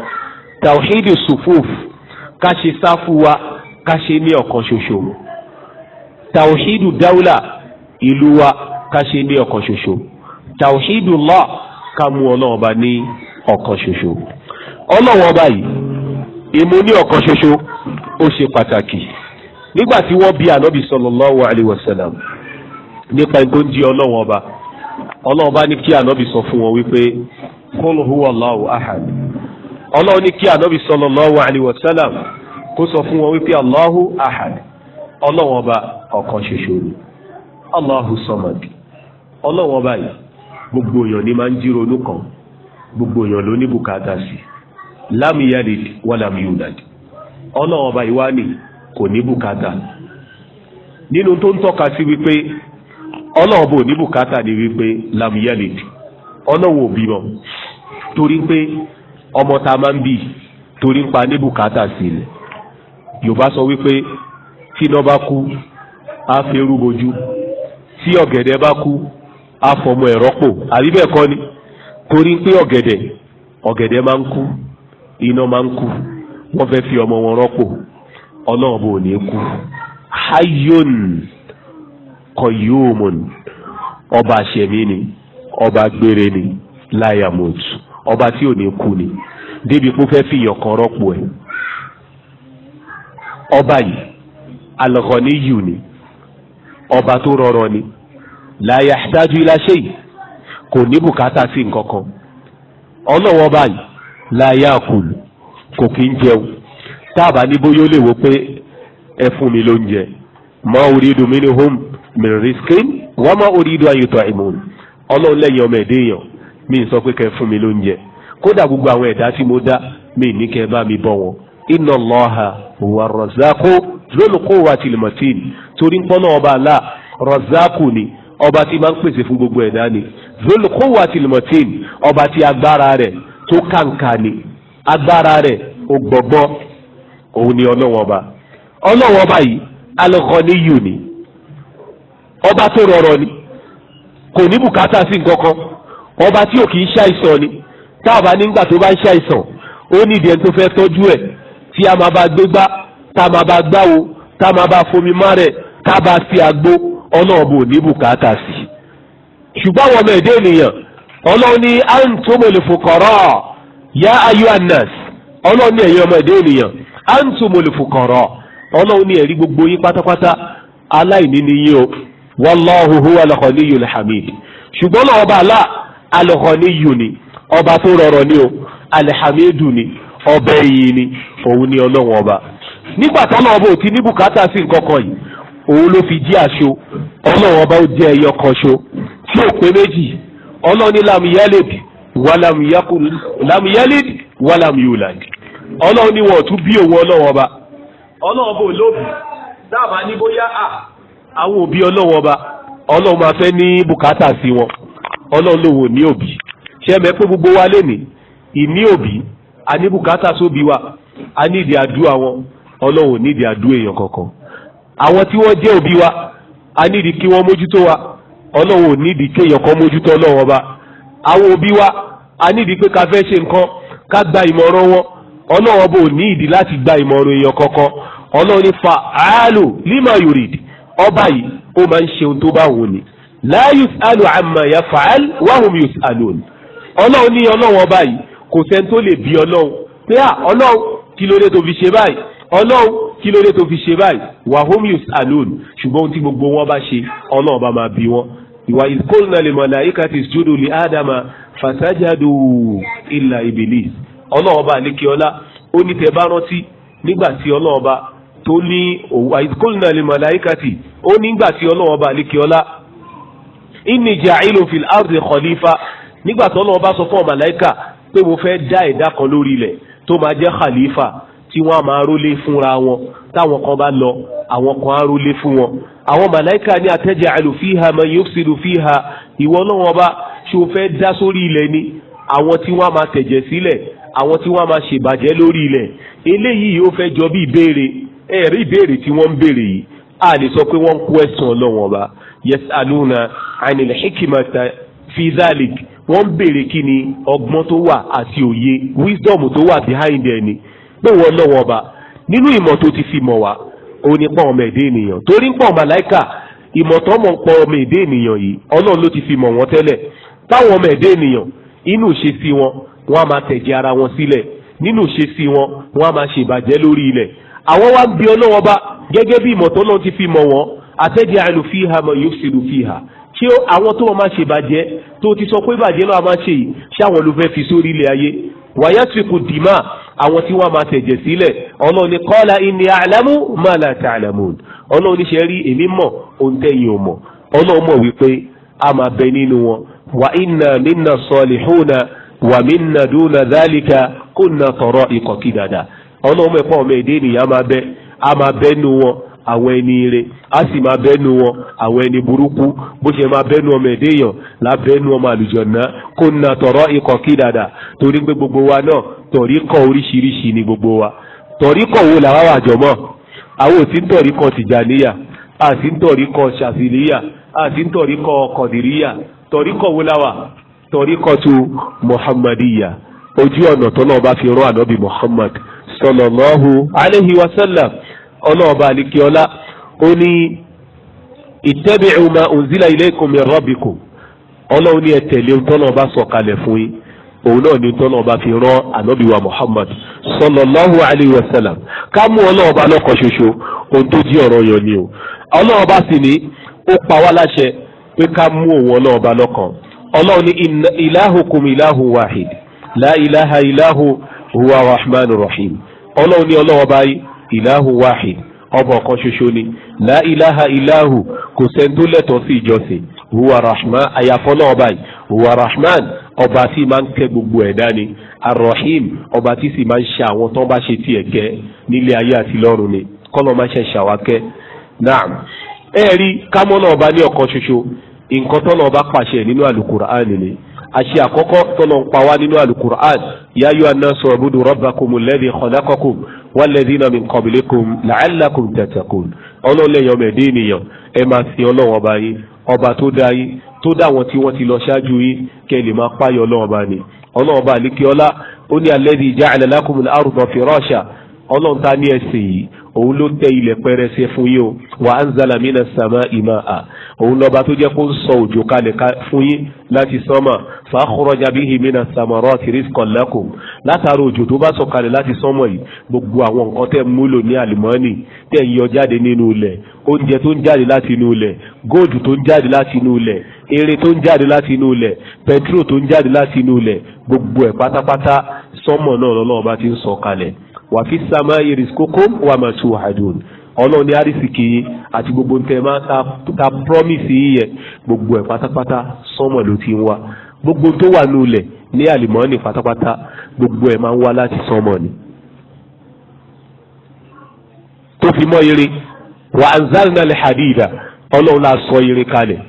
[SPEAKER 1] tawhidul sufuf ká ṣe sáfù wa ká ṣe ní ọ̀kan ṣoṣo tawhidu dawla ìlú wa ká ṣe ní ọ̀kan ṣoṣo tawhidu Allah ká mú ọlọ́run ọba ní ọ̀kan ṣoṣo ọlọ́run ọba yìí ìmú ní ọ̀kan ṣoṣo ó ṣe pàtàkì nígbà tí wọ́n bí ànábì sallallahu alayhi wa sallam nípa ìgbóǹdì ọlọ́run ọba ọlọ́run ọba ní kí ànábì sọ fún wọn wípé qul huwa Allahu ahad ọlọ́run ní kí ànábì sallallahu alayhi wa sallam kó sọ fún wọn wípé Allahu ahad ọlọ́wọ́n ọba ọ̀kan ṣoṣo ni Allahu Samad ọlọ́wọ́n ọba yìí gbogbo èèyàn máa ń kan gbogbo èèyàn ló ní bùkátà sí lam yalid wa ọba yìí wá ní kò ní bùkátà nínú tó ń tọ́ka sí wípé ni wípé ọmọ máa ń torí ń pa sọ wípé tí iná bá kú á fi eru bojú tí ọ̀gẹ̀dẹ̀ bá kú á fọmọ ẹ̀ rọ́pò àbí bẹ́ẹ̀ kọ́ ni torí pé ọ̀gẹ̀dẹ̀ ọ̀gẹ̀dẹ̀ máa ń kú iná máa ń kú wọ́n fẹ́ fi ọmọ wọn rọ́pò ọlọ́run bò ní kú hayon kọyomon ọba àṣẹmí ni ọba gbére ni layamot ọba tí ò kú ni débi pé ó fẹ́ fi ìyọ̀kan rọ́pò ẹ̀ ọba yìí alghaniyu ni ọba tó rọrọ ni la yahtaju ila shay kò ní bùkátà sí nǹkan kan ọlọ́wọ́ báyìí la yakulu kò kí ń jẹun táàbà ní bóyá ó lè wo pé ẹ fún mi lóúnjẹ ma uridu minhum min riskin wa ma uridu an yut'imun ọlọ́run lẹ́yìn ọmọ ẹ̀dẹ́ èèyàn mi sọ pé kẹ fún mi lóúnjẹ kódà gbogbo àwọn ẹ̀dá tí mo dá mi ní kẹ bá mi bọ́ wọn inna Allaha huwa ar lónìí kó wa tìlìmọ̀tìn torí ń pọ́nà ọba àlá rọ̀zákù ni ọba tí máa ń pèsè fún gbogbo ẹ̀dá ni lónìí agbára rẹ̀ tó kàǹkà ni agbára rẹ̀ ó gbọ̀gbọ́ òun ni ọlọ́wọ́n ọba ọlọ́wọ́n ọba yìí alọ́kọ́níyù ni ọba tó rọrọ ni kò ní bùkátà sí nǹkan kan ọba tí ò kì í ṣàìsàn ni táàbà nígbà tó bá ń ṣàìsàn ó nídìí ẹni tó fẹ́ tọ́jú ẹ̀ tí a máa bá gbégbá tá a máa bá gbáwo tá a bá fomi má rẹ̀ fi àgbo ọlọ́ọ̀bù ò ní bùkátà sí i ṣùgbọ́n àwọn ọmọ èdè ènìyàn ọlọ́run ní ya ọlọ́run ní ọmọ èdè ènìyàn ọlọ́run ní gbogbo yín pátápátá aláìní ni yín o ṣùgbọ́n ni ọba tó rọrọ o ni ọba ni ni ọlọ́run ọba nígbà tọ́lọ́ ọba ò ti ní bùkátà sí nǹkan kan yìí òun ló fi jí aṣọ ọlọ́run ọba ó jẹ́ ẹyọ kan ṣo tí ò pé méjì ọlọ́run ní lamiyalid wà lamiyalid wà lamiyulad ọlọ́run ní wọn ò tún bí òun ọlọ́run ọba ọlọ́run ọba ò lóbi dábàá ní bóyá à àwọn òbí ọlọ́run ọba ọlọ́run máa fẹ́ ní bùkátà sí wọn ọlọ́run ní òbí ṣé mẹ́ pé gbogbo wa lè ní ìní òbí àní sóbi wa a àdúrà wọn ọlọ́run nídìí àdúrà èèyàn kankan àwọn tí wọ́n jẹ́ òbí wa a nídìí kí wọ́n mójútó wa ọlọ́run nídìí kéèyàn kan mójútó ọlọ́run ọba àwọn òbí wa a nídìí pé ká fẹ́ ṣe nǹkan ká gba ìmọ̀ràn wọn ọlọ́run ọba ní ìdí láti gba ìmọ̀ràn èèyàn kankan ọlọ́run ní fa àálò lima yorùd ọba yìí ó máa ń ṣe ohun tó bá wù ní láyé àlò àmà yà fàál wàhùn yóò àlò ọlọ́run ní ọlọ́run ọba yìí kò sẹ́ni tó lè bí ọlọ́run pé à ọlọ́run kí ló dé tó fi ṣe báyìí ọlọ́run kí ló dé tó fi ṣe báyìí wahum yus'alun ṣùgbọ́n ohun tí gbogbo wọn bá ṣe ọlọ́run bá máa bi wọn. ìwà ìkólúnà lil malaikati isjudu li ádámà fasajadu illa ibilis ọlọ́run bá ní kí ọlá ó ní tẹ bá rántí nígbà tí ọlọ́run bá tó ní ìwà ìkólúnà lil malaikati ó nígbà tí ọlọ́run bá ní kí ọlá inni ja'ilun fil ardi khalifa nígbà tí ọlọ́run bá sọ fún ọmọ pé mo fẹ́ dá ẹ̀dá kan lórí ilẹ̀ tó máa jẹ́ khalifa tí wọ́n á máa rólé fúnra wọn táwọn kan bá lọ àwọn kan á rólé fún wọn. àwọn màláìka ní ataj'alu fiha man yufsidu fiha ìwọ náà wọn bá ṣó fẹ́ dá sórí ilẹ̀ ni àwọn tí wọ́n á máa tẹ̀jẹ̀ sílẹ̀ àwọn tí wọ́n á máa ṣèbàjẹ́ lórí ilẹ̀ eléyìí yóò fẹ́ jọ bí ìbéèrè ẹ̀rí ìbéèrè tí wọ́n ń béèrè yìí a lè sọ pé wọ́n ń kú ẹ̀sùn ọlọ́wọ́n ọba yasaluna anil hikimata fi wọ́n ń béèrè kí ni ọgbọ́n tó wà àti òye wisdom tó wà behind ẹni pé wọ́n lọ́wọ́ ọba nínú ìmọ̀ tó ti fi mọ̀ wá òun ni pọ̀ ọmọ ẹ̀dẹ́ ènìyàn torí ń pọ̀ màláìkà ìmọ̀ tó mọ̀ ń pọ̀ ọmọ ẹ̀dẹ́ ènìyàn yìí ọlọ́run ló ti fi mọ̀ wọ́n tẹ́lẹ̀ táwọn ọmọ ẹ̀dẹ́ ènìyàn inú ìṣesí wọn wọn a máa tẹ̀jẹ̀ ara wọn sílẹ̀ nínú ìṣesí wọn wọn a máa ṣèbàjẹ́ lórí ilẹ̀ àwọn wa ń bi ọlọ́wọ́n bá gẹ́gẹ́ bí ìmọ̀ tó náà ti fi mọ̀ wọ́n àtẹ́jẹ́ àìlù fi àwọn tí wọ́n máa tẹ̀jẹ̀ sílẹ̀ ọlọ́run ní kọ́lá inni àlámú má la ta'lamun ọlọ́run ní ṣe rí èmi mọ̀ òǹtẹ̀yìn ò mọ̀ ọlọ́run mọ̀ wípé a máa bẹ nínú wọn wa inna minna salihuna wa minna duna dhalika kunna tọrọ ikọ̀ kí dada ọlọ́run mẹ́pọ̀ ọmọ èdè ènìyàn máa bẹ a máa bẹ nínú wọn àwọn ẹni ire á sì máa bẹ́nu wọn àwọn ẹni burúkú bó ṣe máa bẹ́nu ọmọ ẹ̀dẹ́yàn lábẹ́nu ọmọ àlùjọ̀nà kó na tọ̀rọ̀ ikọ̀ kí dàdà torí pé gbogbo wa náà tọ̀rí kọ̀ oríṣiríṣi ni gbogbo wa tọ̀rí kọ̀ wo làwa wà jọ̀mọ́ àwọn ò ń tọ̀rí kọ̀ tìjàníyà a sì ń tọ̀rí kọ̀ ṣàfìlíyà a sì ń tọ̀rí kọ̀ kọ̀dìríyà tọ̀rí kọ̀ wo làwa tọ̀rí kọ̀ tu muhammadiyya ojú ọ̀nà tọ́lọ́ bá fi rán ànábì muhammad sallallahu alayhi wa sallam ọlọ́ọ̀ba àlekíọ́lá ó ní ittabi'u ma unzila ilaykum min rabbikum ọlọ́run ní ẹ tẹ̀lé ntọ́nà ọba sọ̀kalẹ̀ fún yín òun náà ní ntọ́nà ọba fi rán ànábìwá muhammad sallallahu alayhi wa sallam ká mú ọlọ́run ọba lọ́kàn ṣoṣo ohun tó di ọ̀rọ̀ yọ ni o ọlọ́run ọba sì ní ó pa wá láṣẹ pé ká mú òun ọlọ́run ọba ọlọ́run ní ilahukum ilahu wahid la ilaha ilahu huwa rahman rahim ọlọ́run ní ọlọ́run yìí ìláhù wáhid ọba ọ̀kan ṣoṣo ni la ilaha ilahu kò sẹ́ni tó lẹ́tọ̀ọ́ sí ìjọsìn huwa rahman àyàfọ́ náà ọba yìí huwa rahman ọba tí máa ń kẹ́ gbogbo ẹ̀dá ni arrahim ọba tí sì máa ń ṣe àwọn tó ń bá ṣe tiẹ̀ kẹ́ nílé ayé àti lọ́run ni kọ́nà máa ṣe ṣàwákẹ́ naam ẹ rí kámọ́ ọba ní ọ̀kan ṣoṣo nǹkan tọ́nà ọba pàṣẹ nínú àlùkùránì ni àṣẹ àkọ́kọ́ tọ́nà ń pa wá nínú àlùkùránì yáyọ anáṣọ ọ̀bùdù rabbakumul ladhi khalaqakum walladhina min qablikum la'allakum tattaqun ọlọ́lẹ́yìn ọmọ ẹ̀dẹ́ ènìyàn ẹ máa sin ọlọ́wọ́n ọba yín ọba tó dá yín tó dá àwọn tí wọ́n ti lọ ṣáájú yín kẹ́ ẹ lè máa páyọ̀ ọlọ́wọ́n ọba ni ọlọ́wọ́n ọba àlékè ọlá ó ní alladhi ja'ala lakumul arda firasha ọlọ́run ta ní ẹ̀sìn yìí òun ló tẹ ilẹ̀ pẹrẹsẹ fún yín o wa anzala mina sama imaa òun lọ́ba tó jẹ́ kó ń sọ òjò kalẹ̀ fún yín láti sánmà fa akhraja bihi mina samarati rizqan lakum látara òjò tó bá sọ kalẹ̀ láti sánmà yìí gbogbo àwọn nǹkan tẹ̀ múlò ní àlùmọ́ọ́nì tẹ̀ ń yọ jáde nínú ilẹ̀ oúnjẹ tó ń jáde láti inú ilẹ̀ góòdù tó ń jáde láti inú ilẹ̀ eré tó ń jáde láti inú ilẹ̀ pẹtrol tó ń jáde láti inú ilẹ̀ gbogbo ẹ̀ pátápátá sánmà náà lọ́lọ́ọ̀bá ti ń sọ kalẹ̀ wà fi sàmà irisikokom wà mà tu àdùn ọlọ́run ní àrísìkì yìí àti gbogbo ntẹ̀ máa ta ta promise yìí yẹ gbogbo ẹ̀ pátápátá sánmọ̀ ló ti ń wá gbogbo tó wà nulẹ̀ ní àlìmọ́ọ́nì pátápátá gbogbo ẹ̀ máa ń wá láti sánmọ̀ ni. tó fi mọ́ ire wà anzalna lè hadida ọlọ́run la sọ irin kalẹ̀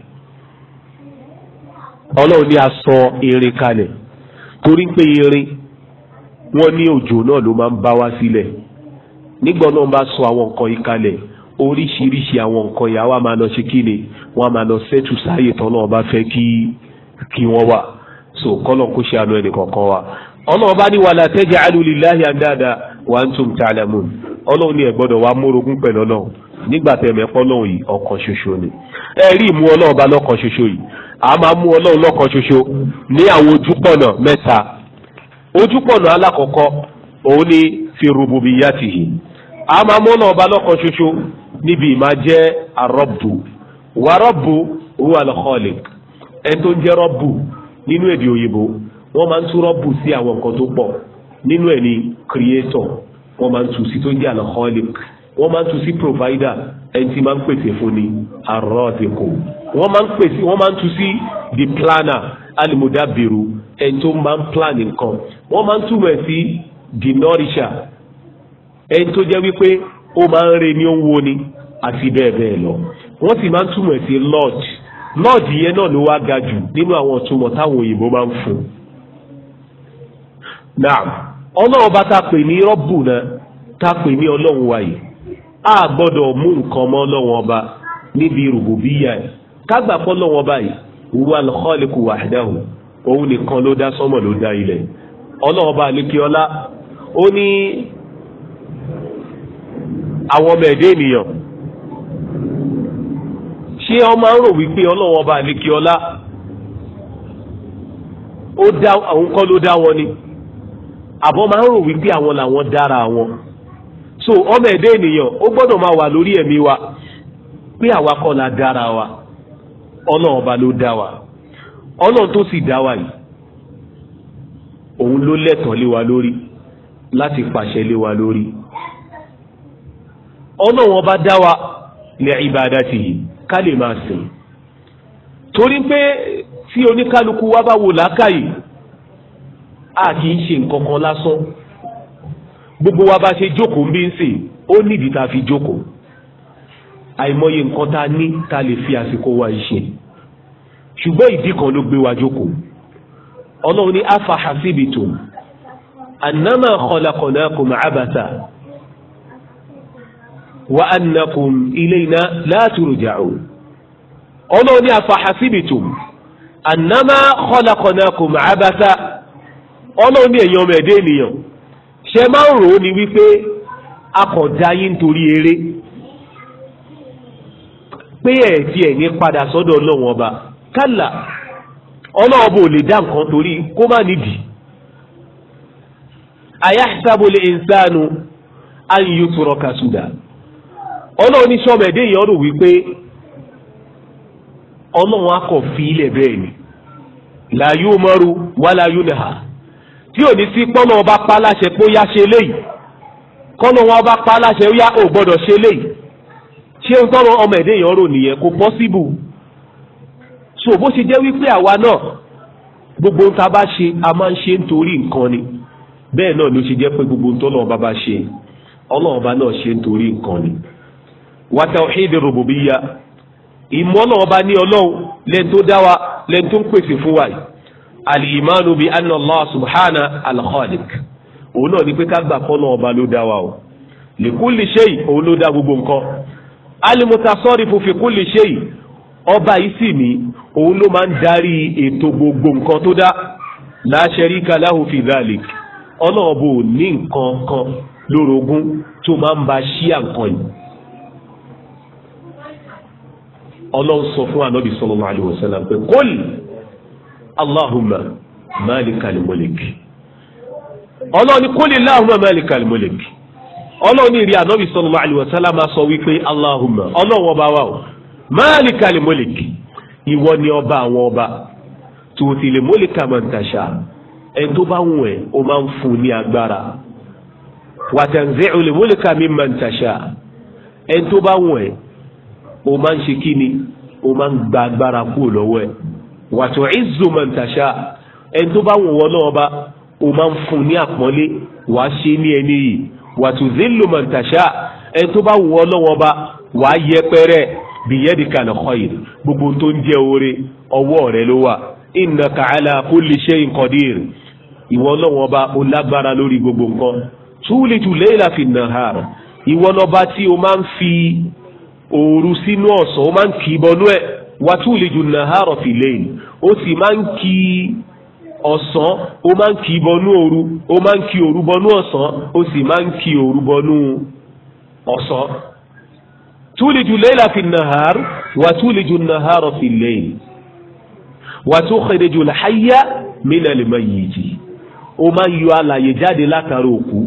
[SPEAKER 1] ọlọ́run ní a irin kalẹ̀ torí pé irin wọ́n ní òjò náà ló máa ń bá wá sílẹ̀ nígbà náà bá sọ àwọn nǹkan yìí kalẹ̀ oríṣiríṣi àwọn nǹkan yìí àwa máa lọ ṣe kí ni wọ́n máa lọ sẹ́tù sáyè tán náà bá fẹ́ kí kí wọ́n wà so kọ́lọ̀ kó ṣe àánú ẹnìkọ̀ọ̀kan wa ọlọ́run bá ní wala taj'alu lillahi andada wa antum ta'lamun ọlọ́run ní ẹ gbọ́dọ̀ wá mórogún pẹ̀lú ọlọ́run nígbà tẹ̀ mẹ́pọ́ lọ́hùn yìí ọ̀kan ṣoṣo ni ẹ rí ìmú ọlọ́run bá lọ́kan ṣoṣo yìí a máa mú ọlọ́run lọ́kan ṣoṣo ní àwọn ojúpọ̀nà mẹ́ta ojúpọ̀nà alákọ̀ọ́kọ́ òun ni fi rububiyatihi a máa mọ́nà ọba lọ́kan ṣoṣo níbi ìmáa jẹ́ arọ́bù wa rọ́bù huwa al-khaliq ẹ tó ń jẹ́ rọ́bù nínú èdè òyìnbó wọ́n máa ń tú rọ́bù sí àwọn nǹkan tó pọ̀ nínú ẹ̀ ní creator wọ́n máa ń tú sí tó ń jẹ́ al wọ́n máa ń tu sí provider ẹni tí máa ń pèsè fún ni arọ́ọ̀dẹ́kọ̀ wọ́n máa ń pèsè sí the planner alimudabiru ẹni tó máa ń plan nǹkan wọ́n máa ń túmọ̀ sí the nourisher ẹni tó jẹ́ wípé ó máa ń re ní ó ń wo ni àti bẹ́ẹ̀ bẹ́ẹ̀ lọ wọ́n sì máa ń túmọ̀ sí lord lord yẹn náà ló wá ga jù nínú àwọn ìtumọ̀ táwọn òyìnbó máa ń fún un. naam ọlọ́run bá ta pè ní rọ́bù náà ta pè ní ọlọ́run wa a gbọ́dọ̀ mú nǹkan mọ́ ọlọ́run ọba níbi rògbòbíyà ẹ̀ kágbà pọ́ ọlọ́run ọba yìí huwa al-khaliqu wahdahu òun nìkan ló dá sọ́mọ̀ ló dá ilẹ̀ ọlọ́ọ̀ba àlékiọlá ó ní àwọn ọmọ ẹ̀dẹ́ ènìyàn ṣé ọ máa wípé ọba àlékiọlá ó dá àwọn kan ló dá wọn ni àbọ̀ máa ń rò wípé àwọn làwọn dára wọn so ọmọ ẹ̀dẹ́ ènìyàn ó gbọ́dọ̀ máa wà lórí ẹ̀mí wa pé àwa kọ́ la dára wa ló dá wa. ọlọ́run tó sì dá wa yìí òun ló lẹ́tọ̀ọ́ lé wa lórí láti pàṣẹ lé wa lórí ọlọ́run ọba dá wa ní ibadatihi ká lè máa sìn torí pé tí oníkálukú wa bá wò lákàyè a kì í ṣe nǹkan kan lásán gbogbo wa bá ṣe jókòó ń bí ń sìn ó nídìí tá a fi jókòó àìmọye nǹkan tá a ní tá a lè fi àsìkò wa yìí ṣe ṣùgbọ́n ìdí kan ló gbé wa jókòó ọlọ́run ní afa hasibitum annama khalaqnakum abasa wa annakum ilayna la turja'un ọlọ́run ní afa hasibitum annama khalaqnakum abasa ọlọ́run ní èèyàn ọmọ ẹ̀dẹ́ ènìyàn ṣe máa ń rò ó ní wípé a nítorí eré pé ẹ̀ tiẹ̀ ní padà sọ́dọ̀ ọlọ́run ọba kálà ọlọ́ọ̀bù ò lè dá nǹkan torí kó má nídìí ayahsabu l-insanu an yutraka suda ọlọ́run ní sọ́ọ̀bù ẹ̀dẹ́ yẹn rò wípé ọlọ́run á fi ilẹ̀ bẹ́ẹ̀ ni la yu'maru wala yunha tí ò ní sí pọ́nà ọba pa láṣẹ pé ó yá ṣe léyìí kọ́nà wọn ọba pa láṣẹ ó yá ò gbọ́dọ̀ ṣe léyìí ṣé ń ọmọ so bó ṣe jẹ́ wípé àwa náà gbogbo ń ta bá ṣe a máa ń ṣe nítorí nǹkan ni bẹ́ẹ̀ náà ló ṣe jẹ́ pé gbogbo ń tọ́ náà bá bá ṣe ọlọ́run bá náà ṣe nítorí nǹkan ni. wa tawhid rububiyya ìmọ̀ náà bá ní ọlọ́run lẹ́ni tó dá wa lẹ́ni tó ń pèsè fún wa yìí al-imanu bi anna allah subhana al-khaliq òun náà ni pé ká gbà kọ́ náà ọba ló dá wa o li kulli shay òun ló dá gbogbo nǹkan al-mutasarrifu fi kulli shay ọba yìí sì ni òun ló máa ń darí ètò gbogbo nǹkan tó dá la sharika lahu ọlọ́ọ̀bù ní nǹkan kan lórogún tó máa ń ba ṣíà nǹkan yìí ọlọ́run sọ fún ànábì sallallahu alaihi wasallam pé qul allahumma malikal mulk ọlọ́run ní qul allahumma malikal mulk ọlọ́run ní ìrìn ànábì máa sọ wípé ọba o. Maalika le mọ́lìkì ìwọ ni ọba àwọn ọba tòótì lè mọ́lìkà máa ń tàṣà ẹni tó bá wù ẹ́ ó máa ń fún ní agbára wàtàǹzẹ́ olè mọ́lìkà mi máa ń tàṣà ẹni tó bá wù ẹ́ ó máa ń ṣe kí ni ó máa ń gba agbára kúrò lọ́wọ́ ẹ̀ wàtò ìzù máa ń tàṣà ẹni tó bá wù wọ́n náà ọba ó máa ń fún ní àpọ́nlé wàá ṣe ní ẹni yìí wàtò zílù máa ń tàṣà ẹni tó bá wù wọ́n náà ọba wàá yẹpẹrẹ bìyẹ́dìkà lọ́kọ́ yìí gbogbo tó ń jẹ́ oore ọwọ́ rẹ ló wà innaka ala kulli shay'in qadir ìwọ ọlọ́wọ́n ọba ó lágbára lórí gbogbo nǹkan túlìtù layla fi nahar ìwọ lọ́ba tí o máa ń fi òru sínú ọ̀sán o máa ń kì í bọnú ẹ̀ wà túlìtù nahara fi layl ó sì máa ń kì í ọ̀sán ó máa ń kì í bọnú òru ó máa ń kì í òru bọnú ọ̀sán ó sì máa ń kì í òru bọnú ọ̀sán تولج الليل في النهار وتولج النهار في الليل وتخرج الحي من الميت ó máa ń yọ alàyè jáde látara òkú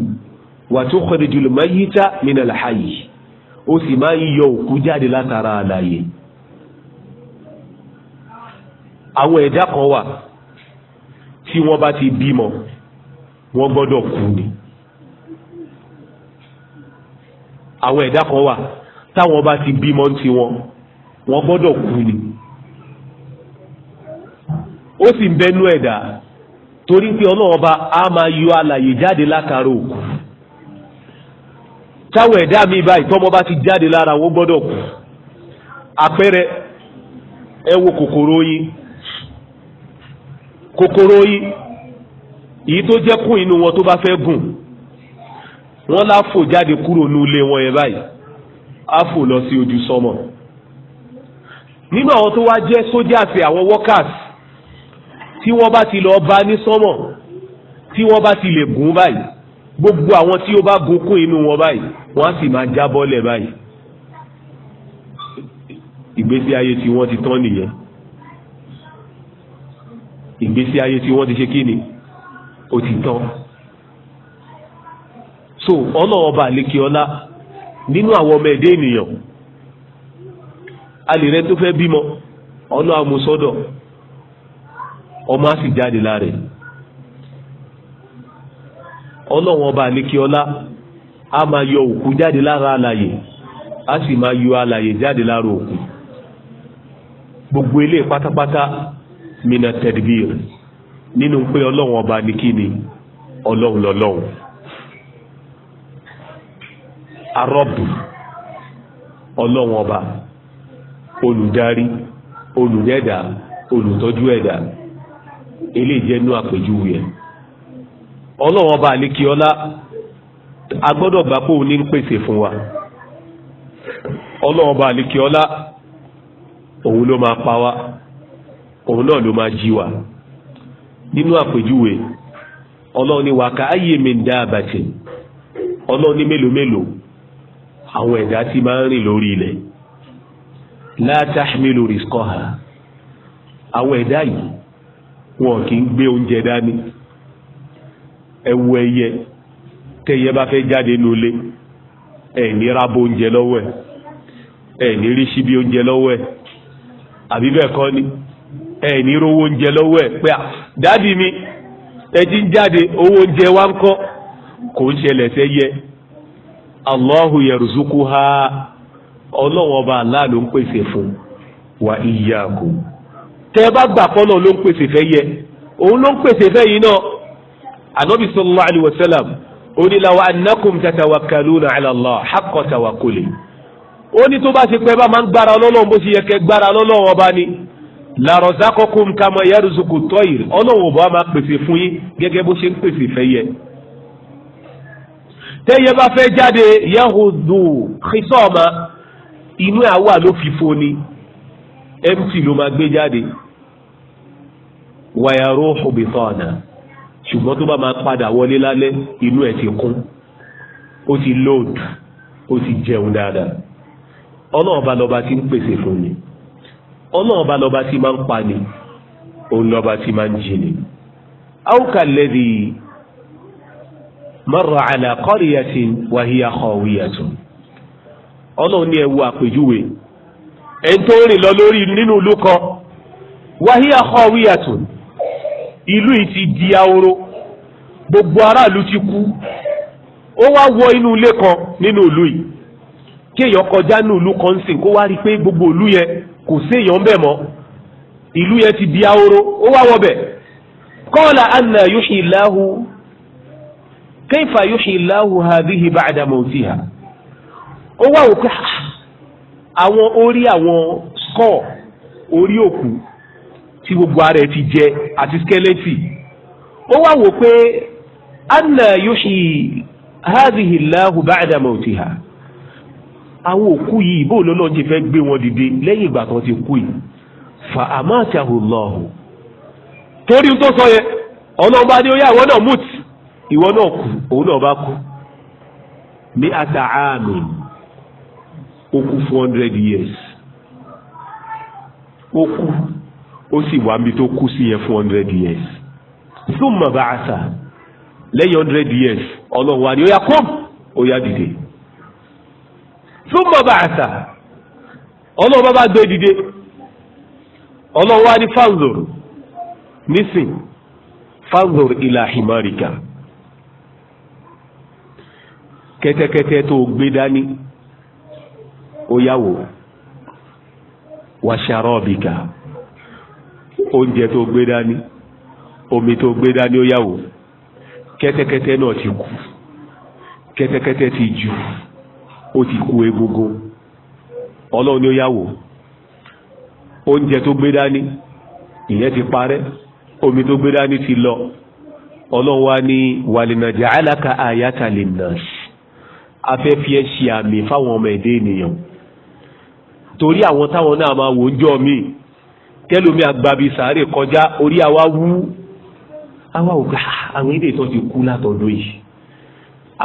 [SPEAKER 1] وتخرج الميت من الحي ó sì máa ń yọ òkú jáde látara alàyè àwọn ẹ̀dá kan wà tí wọ́n bá ti bímọ wọ́n gbọ́dọ̀ kú ni àwọn ẹ̀dá kan wà táwọn bá ti bímọ ti wọn wọ́n gbọ́dọ̀ kú ni ó sì ń bẹnu ẹ̀dá torí pé ọlọ́wọ́n bá a máa yọ alàyè jáde látara òkú táwọn ẹ̀dá mi báyìí tọ́mọ bá ti jáde lára wọ́n gbọ́dọ̀ kú àpẹẹrẹ ẹ wo kòkòrò yín kòkòrò yín èyí tó jẹ́ kún inú wọn tó bá fẹ́ gùn wọ́n láfò jáde kúrò ní wọn yẹn báyìí á fò lọ sí ojú sọmọ nínú àwọn tó wá jẹ́ sójà àti àwọn workers tí wọ́n bá ti lọ bá ní sọmọ tí wọ́n bá ti lè gùn báyìí gbogbo àwọn tí ó bá gun kún inú wọn báyìí wọ́n á sì máa jábọ́lẹ̀ báyìí ìgbésí ayé tí wọ́n ti tán nìyẹn ìgbésí ayé tí wọ́n ti ṣe kíni ó ti tán so ọlọ́ọ̀ba àlekè ọlá nínú àwọn ọmọ ẹ̀dẹ́ ènìyàn alè rẹ tó fẹ́ bímọ ọ̀nà àmúsọ́dọ̀ ọmọ á sì jáde lára ẹ̀ ọlọ́wọ́n ọba àlékiọlá a máa yọ òkú jáde lára alàyè a sì máa yọ alàyè jáde lára òkú gbogbo ilé pátápátá mina tẹ̀dìbìrì nínú pé ọlọ́wọ́n ọba ní kíni ọlọ́run lọ́lọ́run. arọ́bù ọlọ́wọ́n ọba olùdarí olùdẹ́dà olùtọ́jú ẹ̀dá eléyìí jẹ́ ẹ̀ ọlọ́wọ́n ọba a gbọ́dọ̀ gbà pé ní ń pèsè fún wa ọlọ́wọ́n ọba àlékiọlá òun ló máa pa wá òun náà ló wa nínú àwọn ẹ̀dá tí máa ń rìn lórí ilẹ̀ la tahmilu rizqaha àwọn ẹ̀dá yìí wọn kì í gbé oúnjẹ dání ẹ wo ẹyẹ tẹyẹ bá fẹ́ jáde nulẹ̀ ẹ̀ ní rábó oúnjẹ lọ́wọ́ ẹ̀ rí síbi oúnjẹ lọ́wọ́ ẹ̀ ni ẹ̀ rówó oúnjẹ lọ́wọ́ pé à dádì mi ẹ ti ń jáde owó oúnjẹ wa ń kọ́ kò ń ṣẹlẹ̀ sẹ́yẹ allahu yarzuquha ọlọ́wọ́n ọba Allah ló ń pèsè fún wa iyyakum tẹ́ ẹ bá gbà pọ́nà ló ń pèsè fẹ́ yẹ òun ló ń pèsè fẹ́ yìí náà anabi sallallahu alayhi wa sallam ó ní law annakum tatawakkaluna ala Allah haqqa tawakkuli ó ní tó bá ṣe pé bá máa ń gbára ọlọ́wọ́n bó ṣe yẹ kẹ́ gbára ọlọ́wọ́n ọba ni la kama yarzuqu tayr ọlọ́wọ́n ọba máa pèsè fún yín gẹ́gẹ́ bó ṣe ń pèsè fẹ́ yẹ tẹ́yẹ bá fẹ́ jáde yahudu xisọ́ọ̀mà inú àwa ló fi foni mt ló máa gbé jáde wàyàró òbítọ́ọ̀nà ṣùgbọ́n tó bá máa padà wọlé lálẹ́ inú ẹ̀ ti kún ó ti lóòdù ó ti jẹun dáadáa ọlọ́ọ̀ba lọ́ba ti ń pèsè fún ni ọlọ́ọ̀ba lọ́ba ti máa ń pa ni òun lọ́ba ti máa ń jí ni. àwùkà lẹ́dìí مر على قرية وهي خاوية. khawiyatun ọlọ́run ní ẹ wo àpèjúwe ẹni tó ń rìn lọ lórí nínú ìlú kan wa hiya khawiyatun ìlú yìí ti di ahoro gbogbo aráàlú ti kú ó wá wọ inú ilé kan nínú ìlú yìí kí èèyàn kọjá ní ìlú kan sìn kó wá rí i pé gbogbo ìlú yẹn kò sí èèyàn bẹ́ẹ̀ mọ́ ìlú yẹn ti di ahoro ó wá wọ bẹ̀ kọ́ọ̀là anna yuhillahu كيف yuhyi الله هذه بعد موتها؟ ó wà wò pé ah, àwọn orí àwọn skull orí òkú tí gbogbo ara ẹ ti jẹ àti skeleti ó wà wò pé anna yuhyi hadhihi Allahu ba'da mawtiha àwọn òkú yìí bó lọ́nà ti fẹ́ gbé wọn dìde lẹ́yìn ìgbà tó ti kú yìí fa amatahu Allahu torí tó sọ yẹ ọlọ́run ní ó yà náà mùtì ìwọ náà kú òun náà bá kú ní ata àmì ó kú four hundred years ó kú ó sì wà mí tó kú sí yẹn four hundred years súnmọ̀ bá a sà lẹ́yìn hundred years ọlọ́run wa ni ó yà kó ó yà dìde súnmọ̀ bá a sà ọlọ́run bá bá gbé dìde ọlọ́run wa ni fáńzòrò nísìn fáńzòrò ìlà himarika kẹ́tẹ́kẹ́tẹ́ tó gbé dání ó yàwó wàṣàrọ́ọ̀bìkà oúnjẹ tó gbé dání omi tó gbé dání ó yàwó kẹ́tẹ́kẹ́tẹ́ náà ti kú kẹ́tẹ́kẹ́tẹ́ ti jù ó ti kú egungun ọlọ́run ó yàwó oúnjẹ tó gbé dání ìyẹn ti parẹ́ omi tó gbé dání ti lọ ọlọ́run wá ní wàlìnàjà aláka àyàtà lè nà afẹ́fẹ́ ṣe àmì fáwọn ọmọ ẹ̀dẹ́ ènìyàn torí àwọn táwọn náà máa wò ó jọ mí kẹlòmí àgbàbí sàárè kọjá orí àwa wú àwa ò àwọn ilé ìtọ́ ti kú látọ̀dọ̀ yìí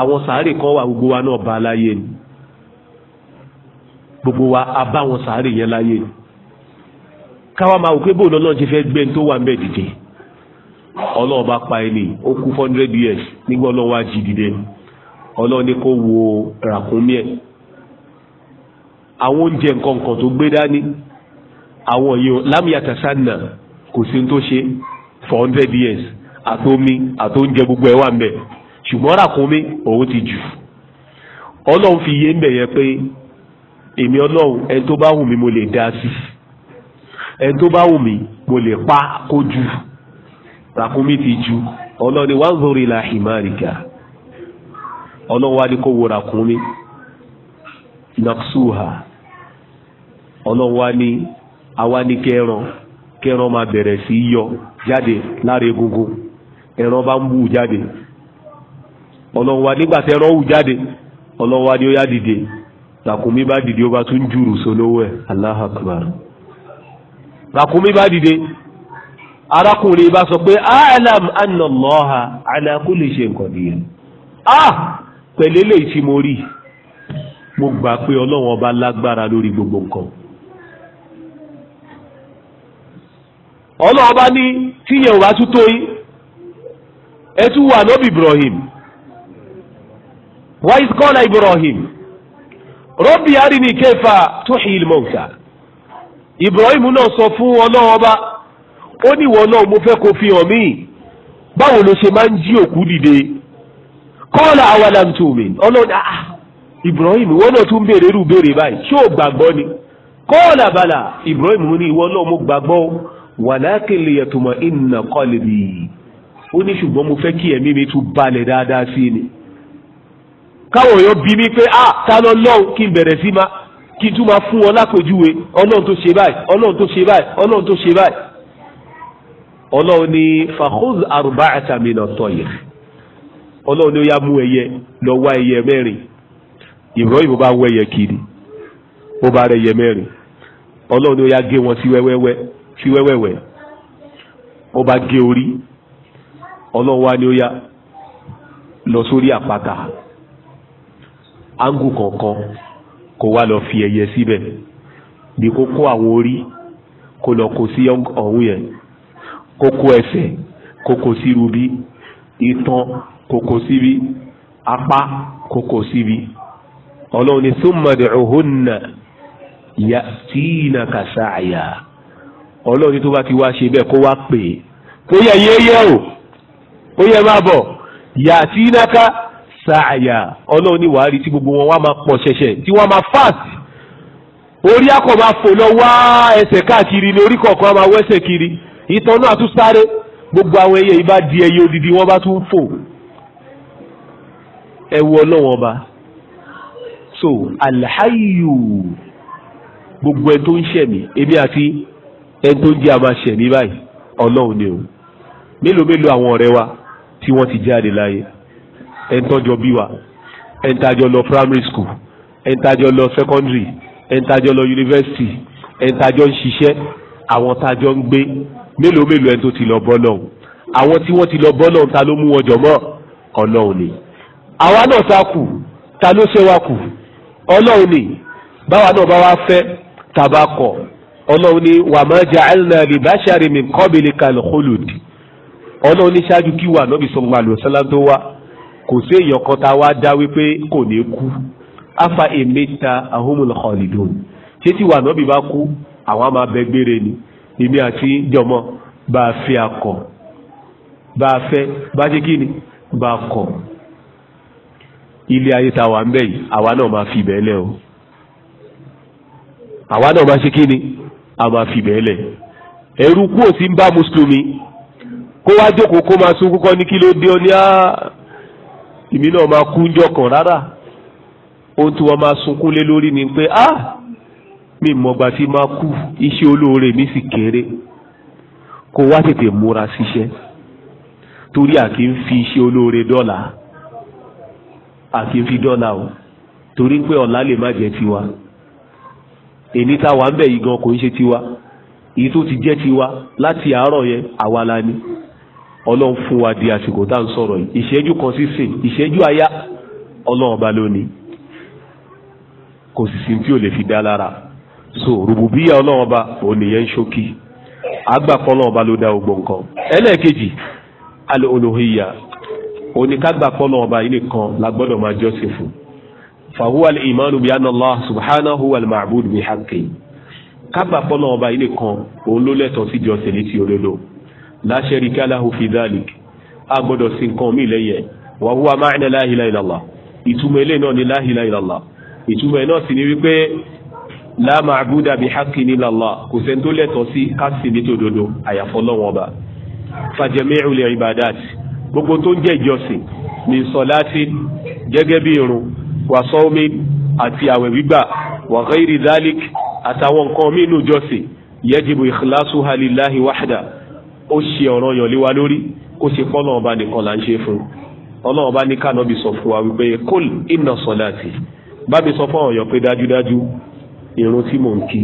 [SPEAKER 1] àwọn sàárè kan wà gbogbo wa náà bá láyé ni gbogbo wa a bá wọn sàárè yẹn láyé ni káwa máa wò pé bóòlù náà ti fẹ́ gbẹ́ tó wà ń bẹ̀ dìde ọlọ́ọ̀bá pa ẹni ó kú four years nígbà ọlọ́wọ́ á jí dìde ni ọlọ́run ní kó wo ràkúnmí ẹ̀ àwọn oúnjẹ nǹkan kan tó gbé dání àwọn yìí lámìyàtà kò sí tó ṣe four hundred years àtomi àtóúnjẹ gbogbo ẹ̀ wà ń bẹ̀ ṣùgbọ́n ràkúnmí òun ti jù ọlọ́run fi yé ń bẹ̀ yẹn pé èmi ọlọ́run ẹni tó bá wù mí mo lè dá sí ẹni tó bá wù mí mo lè pa kó jù ràkúnmí ti jù ọlọ́run ni wàá ń zòrè la himarika ọlọ́run wá ní wo naksuha ọlọ́run wá ní kẹran bẹ̀rẹ̀ sí yọ jáde láre egungun ẹran bá ń bú jáde ọlọ́run wá wù jáde ọlọ́run ó yá dìde ràkúnmí bá dìde ó bá tún jùrù sólówó ẹ̀ Allahu ràkúnmí bá dìde arákùnrin bá sọ pé pẹ̀lú eléyìí tí mo rí mo gbà pé ọlọ́run ọba lágbára lórí gbogbo nǹkan. ọlọ́run ọba ní tíyẹn ò bá tún tó yín wà lóbi Ibrahim wa iz qala Ibrahim Rabbi arini kayfa tuhil mawta Ibrahim náà sọ fún ọlọ́run ọba ó ní ìwọ náà mo fẹ́ kó fi hàn mí báwo ló ṣe máa ń jí òkú dìde kọ́ọ̀lù awalam tu'min ọlọ́dà ah, ah Ibrahim wọn náà tún béèrè irú béèrè báyìí ṣé o gbàgbọ́ ni kọ́ọ̀lù abala Ibrahim ní ìwọ náà mo gbàgbọ́ walakin liyatma'inna qalbi ó ní ṣùgbọ́n mo fẹ́ kí ẹ̀mí mi tún balẹ̀ dáadáa sí i ni káwọn èèyàn bí mi pé ah ta lọ lọ́hùn kí n bẹ̀rẹ̀ sí ma kí n tún ma fún ọ lápèjúwe ọlọ́run tó ṣe báyìí ọlọ́run tó ṣe báyìí ọlọ́run tó ṣe ọlọ́run ló yá mú ẹyẹ lọ wá ẹyẹ mẹ́rin Ibrahim bá wọ ẹyẹ kiri ó bá rẹ ẹyẹ mẹ́rin ọlọ́run ló yá gé wọn sí wẹ́wẹ́wẹ́ sí wẹ́wẹ́wẹ́ ó bá gé orí ọlọ́run wá ní ó yá lọ sórí àpáta áńgù kọ̀ọ̀kan kó wá lọ fi ẹyẹ síbẹ̀ bí kó kó àwọn orí kó lọ kó sí ọ̀hún yẹn kó kó ẹsẹ̀ kó kó sí rubí itan Koko síbi apá koko síbi ọlọ́run ní summa du'uhunna ya'tinaka sa'ya ọlọ́run tó bá ti wá ṣe bẹ́ẹ̀ kó wá pè é kó yẹ yéyẹ o ó yẹ má bọ̀ ya'tinaka sa'ya ọlọ́run ní wàá tí gbogbo wọn wá máa pọ̀ ṣẹ̀ṣẹ̀ tí wọ́n máa fast orí akọ̀ máa fò lọ wá ẹsẹ̀ káàkiri ní orí kọ̀ọ̀kan máa wẹ́sẹ̀ kiri ìtàn náà tún sáré gbogbo àwọn ẹyẹ yìí bá di ẹyẹ odidi wọ́n bá tún fò ẹwu ọlọ́wọ́n ọba so alhayu gbogbo ẹ tó ń ṣẹ̀mí ebi àti ẹ tó ń jẹ́ àmà ṣẹ̀mí báyìí ọlọ́run ni o mélòó mélòó àwọn ọ̀rẹ́ wa tí wọ́n ti jáde láyé ẹ ń tọ́jọ bí wa ẹ ń tajọ lọ primary school ẹ ń tajọ lọ secondary ẹ ń tajọ lọ university ẹ ń tajọ ń ṣiṣẹ́ àwọn tajọ ń gbé mélòó mélòó ẹ tó ti lọ bọ́ lọ́hùn àwọn tí wọ́n ti lọ bọ́ lọ́hùn ta ló mú wọn jọ mọ́ ọlọ́run ni àwa náà ta kù ta ló ṣe wa kù ọlọ́run ni báwa náà bá wá fẹ́ tàbá kọ̀ ọlọ́run ni wà má ja'alna li bashari min qablikal khulud ọlọ́run ní ṣáájú kí wà nọ́bì sọ̀rọ̀ àlùsọ́lá tó wá kò sí èèyàn kan tá a wá dá wípé kò ní kú afa emeta ahumul khalidun ṣé tí wà nọ́bì bá kú àwọn máa bẹ gbére ni èmi àti jọmọ bá a fi akọ bá a fẹ́ bá a ṣe kí ni bá a kọ̀ ilé ayé tá a wà ń bẹ̀ yìí àwa náà máa fi bẹ́ẹ̀ lẹ̀ o àwa náà máa ṣe kí ni a máa fi bẹ́ẹ̀ lẹ̀ ẹ̀rù kú ò sí ń bá mùsùlùmí kó wá jókòó kó máa sunkún kọ́ ní kí ló dé ọ ní á èmi náà máa kú ń jọkàn rárá ohun tí wọ́n máa sunkún lé lórí ni pé ah mi mọ̀gbà tí máa kú iṣẹ́ olóore mi sì kéré kó wá tètè múra síṣẹ́ torí à kì í fi iṣẹ́ olóore dọ́là àti fi dọ́là o torí pé ọ̀la lè má jẹ́ tiwa èyí tá a wà ń bẹ̀ yìí gan kò ń ṣe tiwa èyí tó ti jẹ́ tiwa láti àárọ̀ yẹn àwa ni ọlọ́run fún wa di àsìkò tá à ń sọ̀rọ̀ yìí ìṣẹ́jú kan sísìn ìṣẹ́jú àyá ọlọ́run ọba lónìí kò sì sí tí ò lè fi dá lára so rùbùbíyà ọlọ́run ọba òun nìyẹn ń ṣókí àgbà kọ́ ọlọ́run ọba ló dá gbogbo nǹkan ẹlẹ́ẹ̀kejì al-uluhiyya oníkágbà pọ́lọ́ ọba yìí nìkan la gbọ́dọ̀ máa jọ́sìn fún fahuwa al-imanu bi anna Allah subhanahu wal ma'bud bi haqqi kágbà pọ́lọ́ ọba yìí nìkan òun ló lẹ́tọ̀ọ́ sí jọ́sìn létí olódò la sharika lahu fi dhalik a gbọ́dọ̀ sí nǹkan mí lẹ́yẹ wa huwa ma'na la ilaha illallah ìtumọ̀ ilé náà ni la ilaha illallah ìtumọ̀ náà sì ni wípé la ma'buda bi haqqi illa Allah kò sẹ́ni tó lẹ́tọ̀ọ́ sí ká sìn ní gbogbo tó ń jẹ́ ìjọsìn ní sọláàtì gẹ́gẹ́ bí irun wàsọ́ọ́mí àti àwẹ̀ gbígbà wa ghairi dhalik àtàwọn nǹkan mínú ìjọsìn yajibu ikhlasuha lillahi wahda ó ṣe ọ̀ràn yàn lé wa lórí kó ṣe fọ́nà ọba nìkan là ń ṣe fún ọ̀nà ọba ní kànáàbì sọ fún wa wípé kul inna sọláàtì bá mi sọ fún ọ̀yàn pé dájúdájú irun tí mò ń kí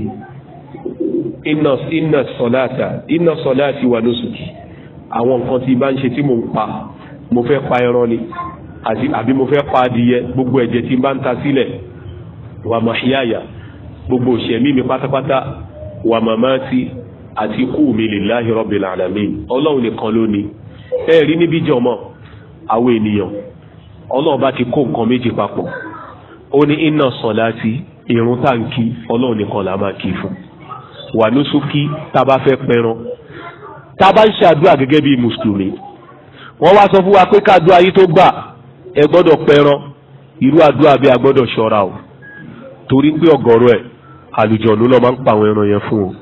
[SPEAKER 1] inna sọláàtà inna sọláàtì wà àwọn nǹkan tí bá ń ṣe tí mo ń pa mo fẹ́ pa ẹran ni àbí mo fẹ́ pa adìyẹ gbogbo ẹ̀jẹ̀ tí bá ń ta sílẹ̀ wà má yáyà gbogbo ìṣẹ̀mí mi pátápátá wà màmá ti àti kú mi lillahi rabbil alamin ọlọ́run nìkan ló ní ẹ rí fún wà lóṣù kí tá fẹ́ pẹran tá a bá ń ṣàdúrà gẹ́gẹ́ bí mùsùlùmí wọ́n wá sọ fún wa pé káàdúrà yìí tó gbà ẹ gbọ́dọ̀ pẹran irú àdúrà bí a gbọ́dọ̀ ṣọ́ra o torí pé ọ̀gọ̀rọ̀ ẹ̀ àlùjọ̀nú ló máa ń pa àwọn ẹran yẹn fún o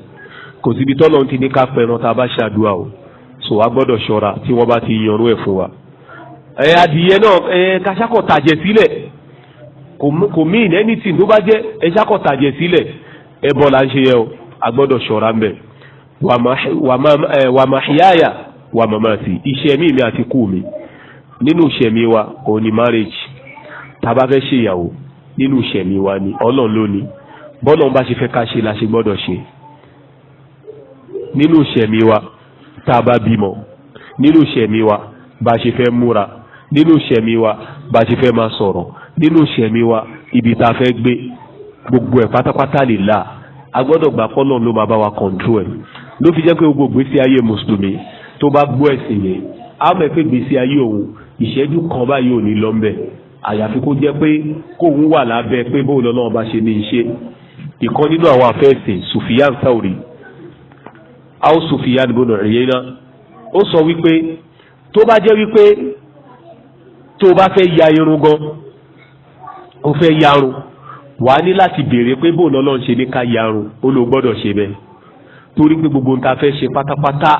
[SPEAKER 1] kò síbi tọ́lọ́ ti ní ká pẹran tá a bá ṣàdúrà o so a gbọ́dọ̀ ṣọ́ra tí wọ́n bá ti yanrú ẹ̀ fún wa. ẹ adìyẹ náà ẹ kàṣàkọ̀ tàjẹ̀ sílẹ̀ kò mí ìnẹ́nìtì tó bá jẹ́ ẹ ṣàkọ̀ tàjẹ̀ sílẹ̀ ẹ bọ́ la ń ṣe yẹ o a gbọ́dọ̀ ń bẹ̀ wàmáhíyáyà wàmàmásì ìṣẹ̀mí mi àti kú mi nínú ìṣẹ̀mí wa òun ni marriage tá a bá fẹ́ ṣèyàwó nínú ìṣẹ̀mí wa ni ọlọ́run ló ní bọ́lọ̀ bá ṣe fẹ́ ká ṣe la ṣe gbọ́dọ̀ ṣe nínú ìṣẹ̀mí wa tá a bá bímọ nínú ìṣẹ̀mí wa bá ṣe fẹ́ múra nínú ìṣẹ̀mí wa bá ṣe fẹ́ máa sọ̀rọ̀ nínú ìṣẹ̀mí wa ibi tá a fẹ́ gbé gbogbo ẹ̀ pátápátá lè là a gbọ́dọ̀ gbà pọ́lọ̀ ló máa bá wa control ẹ̀ ló fi jẹ́ pé gbogbo gbèsè ayé mùsùlùmí tó bá gbọ́ ẹ̀sìn yẹn á mọ̀ pé gbèsè ayé òun ìṣẹ́jú kan báyìí ò ní lọ ń bẹ̀ àyàfi kó jẹ́ pé kóun wà lábẹ́ pé bóun lọ́nà ọba ṣe ní iṣẹ́ ìkan nínú àwọn afẹ́sìn Sufiyan Sauri ao Sufiyan bonu ẹ̀yẹ́nà ó sọ wípé tó bá jẹ́ wípé tó bá fẹ́ ya irun gan ó fẹ́ yarun wàá ní láti béèrè pé bóun lọ́nà ṣe ní ká yarun ó ló gbọ́dọ̀ ṣe bẹ́ẹ̀ torí pé gbogbo nta fẹ́ ṣe pátápátá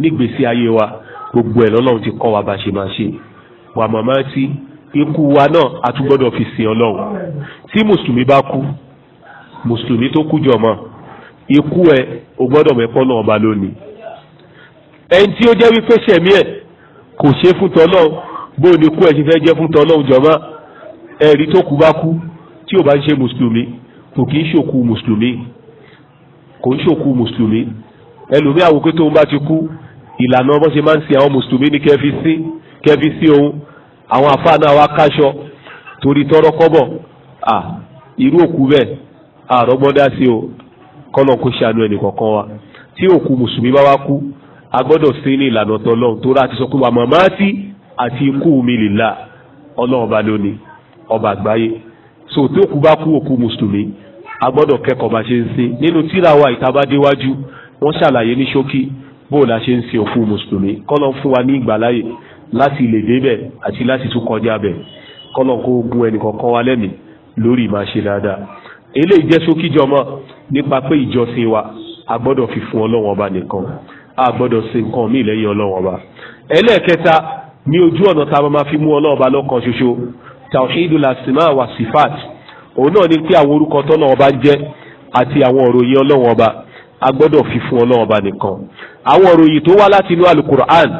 [SPEAKER 1] nígbèsí ayé wa gbogbo ẹ̀ lọ́lọ́run ti kọ́ wa bá ṣe máa ṣe wà màmá tí ikú wa náà a tún gbọ́dọ̀ fi sìn ọlọ́run tí mùsùlùmí bá kú mùsùlùmí tó kú jọmọ́ ikú ẹ̀ o gbọ́dọ̀ mẹ́pọ́ náà ọba lónìí ẹni tí ó jẹ́ wípé ṣẹ̀mí ẹ̀ kò ṣe fún tọ́lọ́run bó ni ikú ẹ̀ ṣe fẹ́ jẹ́ fún tọ́lọ́run jọmọ́ ẹ̀rí tó kú bá kú tí ò bá ń ṣe mùsùlùmí kò kì í ṣòkú mùsùlùmí kò ń ṣòkú mùsùlùmí ẹlòmí àwọn òkè tó ń bá ti kú ìlànà bó ṣe máa ń sin àwọn mùsùlùmí ní kẹfí sí kẹfí sí òun àwọn àfáà náà wá káṣọ torí tọrọ kọ́bọ̀ à irú òkú bẹ́ẹ̀ àrọ́gbọ́dá sí o kọ́nà kó ṣàánú ẹnì kọ̀ọ̀kan wa tí òkú mùsùlùmí bá wá kú a gbọ́dọ̀ sí ní ìlànà tọ́lọ́run tó rà ti sọ pé wà màmá tí àti ikú mi lillah ọlọ́run bá lónìí ọba àgbáyé so tí òkú bá kú òkú mùsùlùmí a gbọ́dọ̀ kẹ́kọ̀ọ́ bá ṣe ń ṣe nínú tíra wa ìtabádéwájú wọ́n ṣàlàyé ní ṣókí bó la ṣe ń ṣe òfin mùsùlùmí kọ́lọ̀ fún wa ní ìgbàláyè láti lè débẹ̀ àti láti tún kọjá bẹ̀ kọ́lọ̀ kó gun ẹnìkan kan wa lẹ́mìí lórí ìmáa ṣe dáadáa eléyìí jẹ́ ṣókí jọmọ nípa pé ìjọsìn wa a fi fún ọlọ́wọ́n ọba nìkan a gbọ́dọ̀ nǹkan míì lẹ́yìn ọlọ́wọ́n ọba ẹlẹ́ẹ̀kẹta ní ojú ọ̀nà tá máa fi mú ọlọ́wọ́n ọba lọ́kan ṣoṣo tawhidul asma wa sifat òun náà ni pé àwọn orúkọ tọ́lọ́run ọba ń jẹ́ àti àwọn òròyìn ọlọ́run ọba a gbọ́dọ̀ fi fún ọlọ́run ọba nìkan àwọn òròyìn tó wá láti inú alukur'an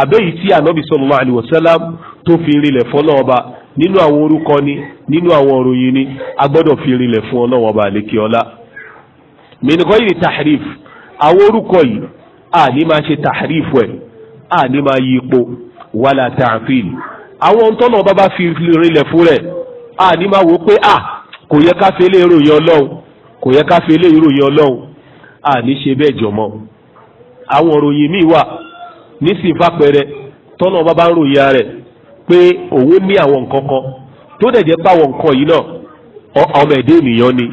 [SPEAKER 1] àbẹ́yìí tí ànábì sallallahu alaihi tó fi rinlẹ̀ fọ́lọ́run ọba nínú àwọn orúkọ ni nínú àwọn òròyìn ni a gbọ́dọ̀ fi rinlẹ̀ fún ọlọ́run ọba àlékè ọlá mìnìkan yìí ni tahrif àwọn orúkọ yìí a ní máa ṣe tahrif ẹ̀ a ní máa yí ipò wàlà ta'fil àwọn tọ́nà ọba bá fi rinlẹ̀ fún rẹ̀ a ní máa wò pé a. Ah, kò yẹ ká fi eléyìí ròyìn ọlọ́run kò yẹ ká fi eléyìí ròyìn ọlọ́run à ní ṣe bẹ́ẹ̀ jọ̀mọ́ àwọn ròyìn míì wà nísìnyí fàpẹrẹ tọ́nà bá bá ń ròyìn ara rẹ̀ pé òun ní àwọn nǹkan kan tó dẹ̀ jẹ́ pé àwọn nǹkan yìí náà ọmọ ẹ̀dẹ́ ènìyàn ni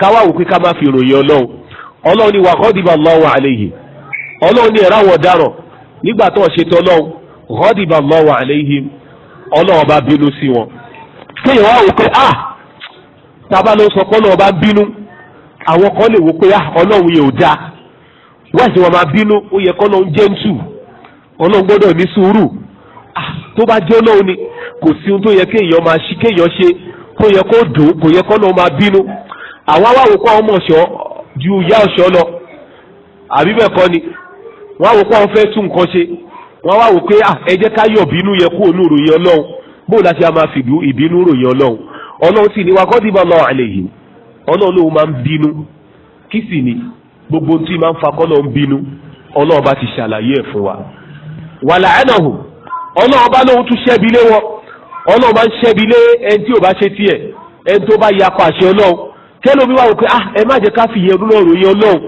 [SPEAKER 1] káwá wò pé ká má fi ròyìn ọlọ́run ọlọ́run ni wà ghadiba Allahu alayhi ọlọ́run ni ẹ̀rọ àwọn ọ̀daràn nígbà tó ṣe tọ́lọ́run ghadiba Allahu alayhim ọlọ́run bá bínú sí wọn. kéèyàn wá wò pé ah tábà ló sọ pọ́nà ọba bínú àwọn kan lè wò pé ah, ọlọ́run yẹn ò dáa wá sí wọn máa bínú ó yẹ kọ́ lọ́n jẹ́ńtù ọlọ́run gbọ́dọ̀ ní sùúrù ah, tó bá jẹ́ ọlọ́run ni kò sí ohun tó yẹ kéèyàn máa ṣe kéèyàn ṣe kó yẹ kó dùn kò yẹ kọ́ máa bínú àwọn awáwò kọ́ ọmọ ọ̀ṣọ́ ju ìyá ọ̀ṣọ́ lọ àbí bẹ́ẹ̀ kọ́ ni wọ́n á wò àwọn fẹ́ tún nǹkan ṣe wọ́n á pé ah, ẹ jẹ́ ká yọ̀ bínú yẹ kó onú ìròyìn ọlọ́run bó ọlọ́run sì ni wa kọ́ dìbò lọ àlè yìí ọlọ́run lòun máa ń bínú kí sì ni gbogbo tí máa ń fa kọ́ lọ́n bínú ọlọ́run bá ti ṣàlàyé ẹ̀ fún wa. wà láàánà hù ọlọ́run bá lóun tún ṣẹ́bi lé wọn ọlọ́run bá ń ṣẹ́bi lé ẹni tí ò bá ṣe tiẹ̀ ẹni tó bá yapa àṣẹ ọlọ́run tẹ́lómi wà wò pé ah ẹ má jẹ́ ká fi yẹn lọ́rùn yẹn ọlọ́run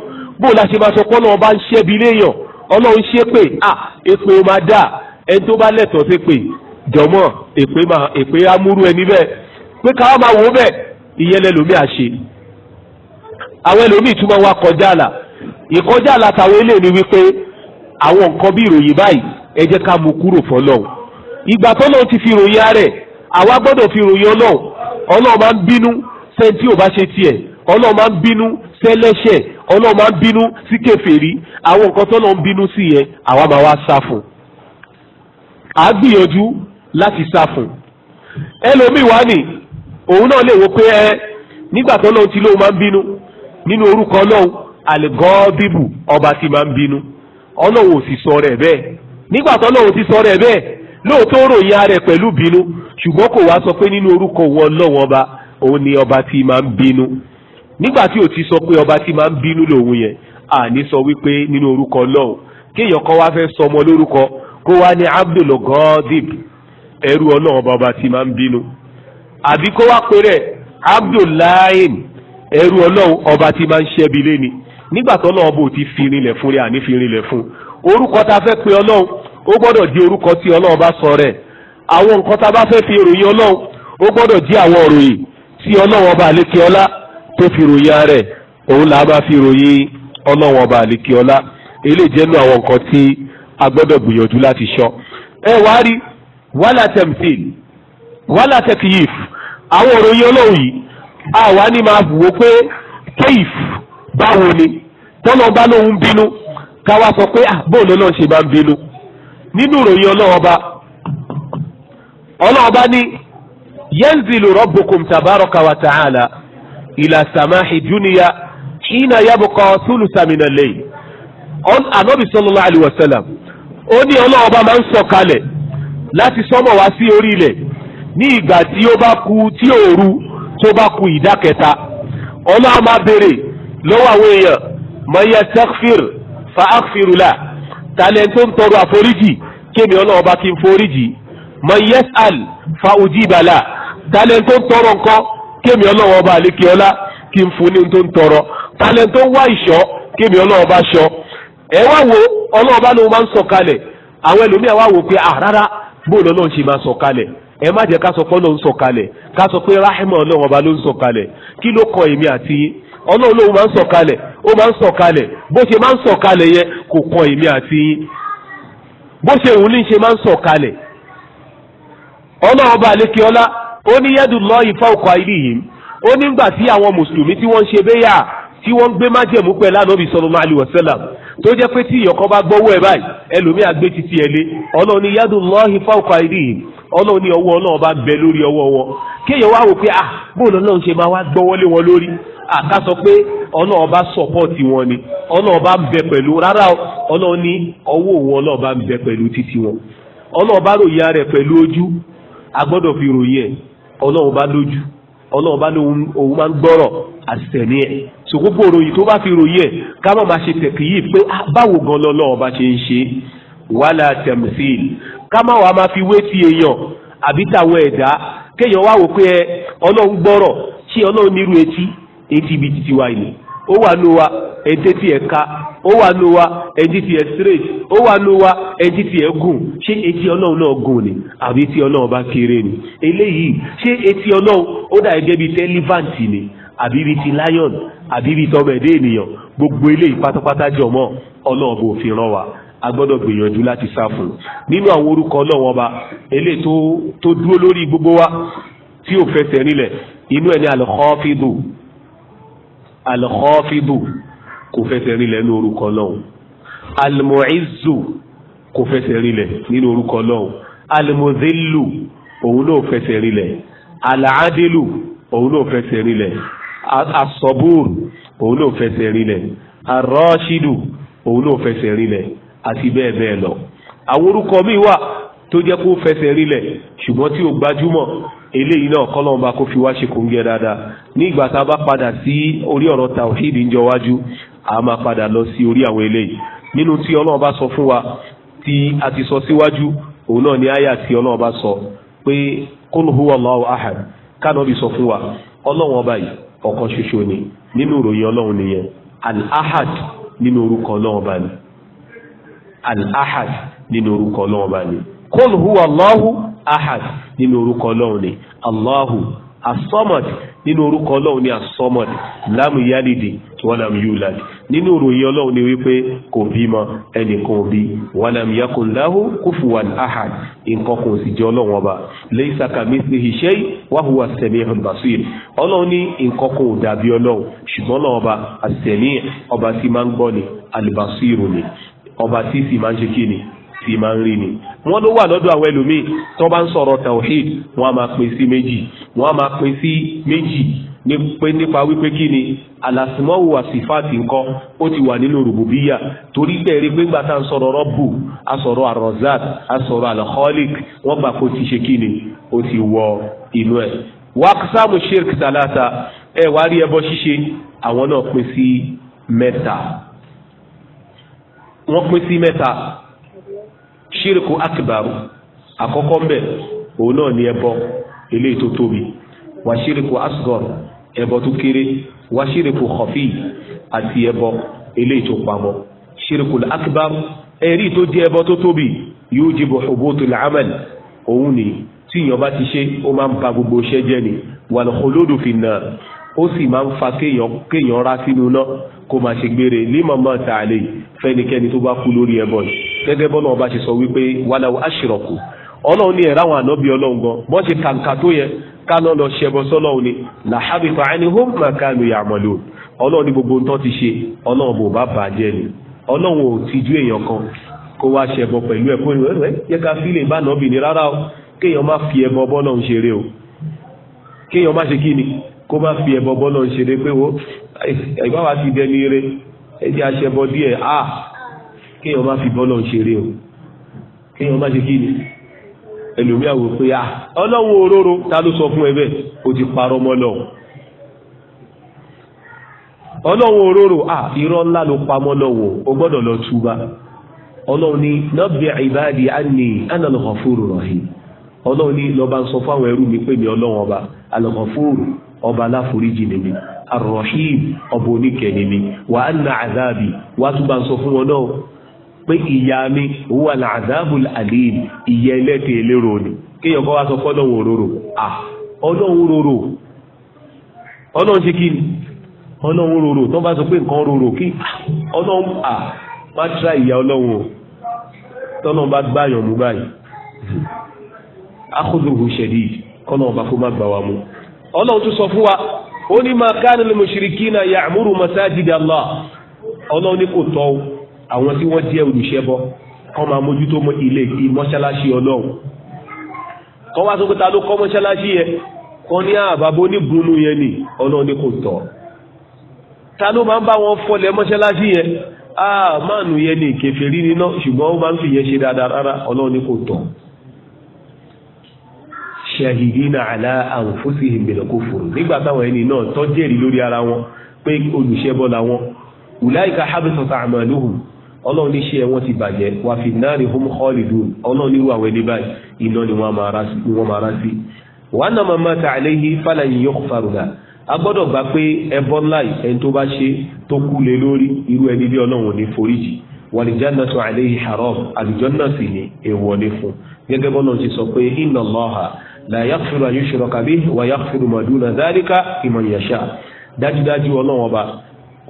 [SPEAKER 1] bó la ṣe máa sọ pé ọlọ́run bá ń ṣẹ́bi léèyàn ọlọ́run ṣe pé ah èpè ó máa dà ẹni tó bá lẹ́tọ̀ọ́ sí pé jọ̀mọ́ èpè amúrú ẹni bẹ́ẹ̀ pé káwọn máa wò bẹ́ẹ̀ ìyẹn lẹ́lòmíì àṣe àwọn ẹlòmíì tún máa wá kọjá àlà ìkọjá àlà tàwọn eléyìí ni wípé àwọn nǹkan bí ìròyìn báyìí ẹ jẹ́ ká mú kúrò fọlọ́hùn ìgbà tó lóun ti fi ìròyìn ààrẹ àwa gbọ́dọ̀ fi ìròyìn ọlọ́hùn ọlọ́hùn máa ń bínú sẹ́ńtì ò bá ṣe tiẹ̀ ọlọ́hùn máa ń bínú sẹ́lẹ́ṣẹ̀ ọlọ́hùn máa ń bínú sí kèfèrí àwọn nǹkan tó lọ́n bínú sí yẹn àwa máa wá sá fún a gbìyànjú láti sá fún ẹlòmíì wá ní òun náà lè wo pé ẹ nígbà tó lóun ti lóun máa ń bínú nínú orúkọ ọlọ́run àlẹ́gọ́ọ́bíbù ọba ti máa ń bínú ọlọ́run ò sì sọ rẹ̀ bẹ́ẹ̀ nígbà tó lóun ti sọ rẹ̀ bẹ́ẹ̀ lóòótọ́ ròyìn ara rẹ̀ pẹ̀lú bínú ṣùgbọ́n kò wá sọ pé nínú orúkọ wọn ọlọ́run ọba òun ni ọba ti máa ń bínú nígbà tí o ti sọ pé ọba ti máa ń bínú lòun yẹn àní sọ wípé nínú orúkọ ọlọ́run kéèyàn kan wá fẹ́ sọmọ lórúkọ kó wá ní abdul ẹrú ọlọ́run ọba ti máa ń bínú àbí kó wá pé rẹ̀ abdullahi ẹrú ọlọ́run ọba tí máa ń ṣẹ́bi lé ni nígbà tó náà ọba ò ti fi rinlẹ̀ fún rẹ̀ àní fi rinlẹ̀ fún orúkọ tá a fẹ́ pe ó gbọ́dọ̀ di orúkọ tí ọlọ́run bá sọ rẹ̀ àwọn nǹkan tá a bá fẹ́ fi ròyìn ọlọ́run ó gbọ́dọ̀ di àwọn ròyìn tí ọlọ́run ọba àlékè ọlá tó fi ròyìn arẹ̀ òun là á bá fi ròyìn ọlọ́run ọba àlékè ọlá eléyìí jẹ́nu àwọn nǹkan tí a gbọ́dọ̀ gbìyànjú láti sọ ẹ wá rí wàhálà tẹ̀mfìl wàhálà tẹ̀kìyìf àwọn òròyìn ọlọ́run yìí àwa ni máa wò ó pé kéif báwo ni tọ́lọ́ bá lóun bínú káwa sọ pé ah, bóun lọ́nà ṣe máa ń bínú nínú ìròyìn ọlọ́run ọba ọlọ́run ọba ní yanzilu rabbukum tabaraka wa ta'ala ila samahi duniya hina yabqa thulutha min al-layl anabi sallallahu alayhi wa ó ní ọlọ́run ọba máa ń sọ kalẹ̀ láti sọ́mọ̀ wá sí orí ilẹ̀ ní ìgbà tí ó bá ku tí òru tó bá ku ìdá kẹta ọlọ́run máa béèrè lọ́wọ́ àwọn èèyàn mọ̀yẹ́ sẹ́kfìr fàáfìrùlà tàlẹ́ tó ń tọrọ àforíjì kémi ọlọ́run bá kí n foríjì mọ̀yẹ́ sàl fàùjìbàlà tàlẹ́ tó ń tọrọ nǹkan kémi ọlọ́run bá àlékè ọlá kí n fún ní tó ń tọrọ tàlẹ́ tó ń wá ìṣọ́ kémi ọlọ́run bá ṣọ́ ẹ wá wo ọlọ́run bá lóun máa ń sọ̀kalẹ̀ àwọn ẹlòmíà wá wò pé àrárá ah, bóòlù ọlọ́run ṣe máa sọ̀kalẹ̀ ẹ má jẹ́ ká sọ pé ọlọ́run sọ̀kalẹ̀ ká sọ pé rahima ọba ló ń kí ló kọ èmi àti yín ọlọ́run lòun máa ń sọ̀kalẹ̀ ó máa ń bó ṣe máa ń sọ̀kalẹ̀ yẹn kò kọ èmi àti yín bó ṣe òun ní ṣe máa ń sọ̀kalẹ̀ ọlọ́run ọba àlékè ó ní yadullahi tó jẹ́ pé tí ìyọ̀kọ́ bá gbọ́wọ́ ẹ̀ báyìí ẹlòmíà gbé títí ẹ̀ lé ọlọ́run ní yádùn lọ́ọ̀hìn fáwọkọ̀ àìrí yìí ọlọ́run ní ọwọ́ ọlọ́run bá bẹ lórí ọwọ́ wọn kéèyàn wá wò pé à ah, bó lọ́lọ́run ṣe máa wá gbọ́wọ́lé wọn lórí àká sọ pé ọlọ́run bá sọ̀pọ́ọ̀tì wọn ni ọlọ́run bá ń bẹ pẹ̀lú rárá ọlọ́run ní ọwọ́ òun ọlọ́run bá ń bẹ pẹ̀lú so gbogbo òròyìn tó bá fi ròyìn ẹ̀ ká má máa ṣe tẹ̀kì yìí pé ah, báwo gan lọ́lọ́ ọba ṣe ń ṣe wàhálà tẹ̀mùsíl ká má wàá máa fi wé ti èèyàn àbí tàwọn ẹ̀dá kéèyàn wá wò pé ẹ ọlọ́run gbọ́rọ̀ ṣé ọlọ́run nírú etí etí ibi títí wa ìlú ó wà nù wa ẹ̀ńtẹ́ tí ẹ̀ ka ó wà nù wa ẹ̀ńtẹ́ tí ẹ̀ straight ó wà nù wa ẹ̀ńtẹ́ tí ẹ̀ gùn ṣé etí ọlọ́run náà gùn ni àbí etí ọlọ́run bá kéré ni eléyìí ṣé etí ọlọ́run ó dà gẹ́gẹ́ bíi tẹ́lifáǹtì ni àbí bíi ti lion àbíbí tọmọ ẹ̀dẹ́ ènìyàn gbogbo eléyìí pátápátá jọ mọ́ ọlọ́ọ̀bù òfin rán wa a gbọ́dọ̀ gbìyànjú láti sá fún nínú àwọn orúkọ ọlọ́wọ́n ọba eléyìí tó dúró lórí gbogbo wa tí ò fẹsẹ̀ nílẹ̀ inú ẹ̀ ní alọ́kọ́fídù alọ́kọ́fídù kò fẹsẹ̀ nílẹ̀ nínú orúkọ ọlọ́wọ́n almuizu kò fẹsẹ̀ nílẹ̀ nínú orúkọ ọlọ́wọ́n almuzilu òun náà fẹsẹ̀ nílẹ̀ alaadilu òun náà fẹsẹ̀ nílẹ̀ asọ́bùr òun ló fẹsẹ̀ rinlẹ̀ arọ́ṣídù òun ló fẹsẹ̀ rinlẹ̀ àti bẹ́ẹ̀ bẹ́ẹ̀ lọ. àwọn orúkọ míì wà tó jẹ́ kó fẹsẹ̀ rinlẹ̀ ṣùgbọ́n tí ó gbajúmọ̀ eléyìí náà kọ́lọ́mba kó fi wá ṣe kóńgẹ́ dáadáa ní tá a bá padà sí orí ọ̀rọ̀ tawhid ń jọ wájú a máa padà lọ sí orí àwọn eléyìí nínú tí ọlọ́run bá sọ fún wa tí a ti sọ síwájú òun náà ni àyà tí ọlọ́run bá sọ pé kul huwa Allahu ahad kánà bí sọ fún wa ọlọ́run ọba yìí ọ̀kan ṣoṣo ni nínú ìròyìn ọlọ́run nìyẹn al-ahad nínú orúkọ ọlọ́run bá ní al-ahad nínú orúkọ ọlọ́run bá ní kul huwa allahu ahad nínú orúkọ ọlọ́run ni allahu asọ́mọ̀d nínú orúkọ ọlọ́run ní asọ́mọ̀d lámù yálìdì wàlám yúlàd nínú ìròyìn ọlọ́run ní wípé kò bímọ ẹnìkan bí wàlám yakun lahu kufuwan ahad nǹkan kò sì jẹ́ ọlọ́run ọba laysa kamithlihi shay wa huwa as-sami'ul basir ọlọ́run ní nǹkan kò dàbí ni wọ́n ló wà lọ́dọ̀ àwọn ẹlòmíì tó bá ń sọ̀rọ̀ tawhid wọ́n á máa pín sí méjì wọ́n á máa pín sí méjì nípa wípé kí ni alásìmọ́wò àsìfáàtì nǹkan ó ti wà nínú rùbùbíyà torí tẹ̀rí pé gbà tá à ń sọ̀rọ̀ rọ́bù a sọ̀rọ̀ àrọ̀zát a sọ̀rọ̀ alkhalik wọ́n gbà kó ti ṣe kí ni ó ti wọ inú ẹ̀. wákísàmù shirk talata ẹ wá rí ẹbọ ṣíṣe àwọn náà pín sí mẹ́ta wọ́n pín sí mẹ́ta ṣírìkù akbar àkọ́kọ́ mbẹ̀ òun náà ni ẹbọ eléyìí tó tóbi wà ṣírìkù asgor ẹbọ tó kéré wà ṣírìkù khafi àti ẹbọ eléyìí tó pamọ́ ṣírìkù akbar ẹ̀rí tó di ẹbọ tó tóbi yujibu hubutul amal òun ni tí ti ṣe ó máa ń ba gbogbo iṣẹ́ ni wal khuludu fin nar ó sì máa ń fa kéèyàn rá sínú náà kó máa ṣe gbére límọ̀mọ́ ta àlè fẹ́nikẹ́ni tó bá kú lórí ẹbọ yìí gẹ́gẹ́ bọ́nà ọba ṣe sọ wípé wàláwọ̀ ọlọ́run ní ẹ̀rọ àwọn ànábì ọlọ́run gan bọ́n ṣe ni làhábìfà ẹni hó mà kánú yàmọ̀lò ọlọ́run ní gbogbo nǹkan ti ṣe ọlọ́run bò bá bàjẹ́ ni ọlọ́run ò tijú èèyàn kan kó wá ṣẹbọ pẹ̀lú ẹ̀kọ́ ìwé yẹ ká fílẹ̀ bá ni rárá o kéèyàn má fi ẹbọ ṣeré o kéèyàn má ṣe kí ni kó má fi ẹbọ bọ́lọ̀ ń ṣeré pé wo ẹ̀gbọ́n wa ti dẹni eré ẹjẹ́ aṣẹbọ díẹ̀ a ah! kéèyàn má fi bọ́lọ̀ ń ṣeré o kéèyàn má ṣe kí ni ẹlòmíà wò pé a ah! ọlọ́wọ́ òróró ta ló sọ fún ẹ bẹ́ẹ̀ o ti parọ́ mọ́ lọ́wọ́ ọlọ́wọ́ òróró a ah! irọ́ ńlá ló pamọ́ lọ́wọ́ o gbọ́dọ̀ lọ túbà ọlọ́run ní nabbi ibadi anni ana al-ghafuru rahim ọlọ́run ní lọ́ba ń sọ fún àwọn ẹrú mi pé mi ọlọ́run ọba al-ghafuru ọba aláforíjì ni mi arrohim ọba oníkẹni ni wà á na àzáàbì wà á tún bá ń sọ fún wọn náà pé ìyá mi òun àlà àzáàbù àlèyìn ìyá ẹlẹ́tẹ̀ elérò ni kéèyàn kọ́ wá sọ fọ́nà òun rorò à ọlọ́run rorò ọlọ́run ṣe kí ni ọlọ́run rorò tó bá sọ pé nǹkan rorò kí ọlọ́run à má tra ìyá ọlọ́run o tọ́lọ́run bá gbáyàn mú báyìí akọ́dùnkù ṣẹ̀dí kọ́lọ́run bá kó má gbà wá mú ọlọ́run tún sọ fún wa ó ní ma kana lil mushrikina ya'muru masajid Allah ọlọ́run ní kò tọ́ o àwọn tí wọ́n jẹ́ olùṣẹ́bọ kọ́ máa mójútó ilé mọ́ṣáláṣí ọlọ́run kọ́ wá sọ pé ta ló kọ́ mọ́ṣáláṣí yẹn kọ́ ní àbábó ní bunu yẹn ni ọlọ́run ní kò tọ́ ta ló máa ń bá wọn fọlẹ̀ mọ́ṣáláṣí níná ah, ṣùgbọ́n ó máa ń fìyẹn ṣe dáadáa rárá ọlọ́run ní kò tọ́ ṣahidina ala anfusihim bil kufur nígbà táwọn ẹni náà tó jẹ́rìí lórí ara wọn pé olùṣẹbọ làwọn ulaika habitat a'maluhum ọlọ́run ní ṣe ẹ̀wọ̀n ti bàjẹ́ wà fi náàrí hum khalidun ọlọ́run nírú àwọn ẹni báyìí iná ni wọ́n máa rá sí. wà á nà máa máa ta àléhi fàlàyé yóò faruna a gbọ́dọ̀ gbà pé ẹbọ ńlá yìí ẹni tó bá ṣe tó kú lé lórí irú ẹni bí ọlọ́run ní foríjì wàlìjánnátu haram àlìjọ́nà ni èèwọ̀ ni fún gẹ́gẹ́ bọ́lá ti sọ pé inna Allaha la yaghfiru an yushraka bihi wa yaghfiru ma duna dhalika liman yasha daju ọlọ́run ọba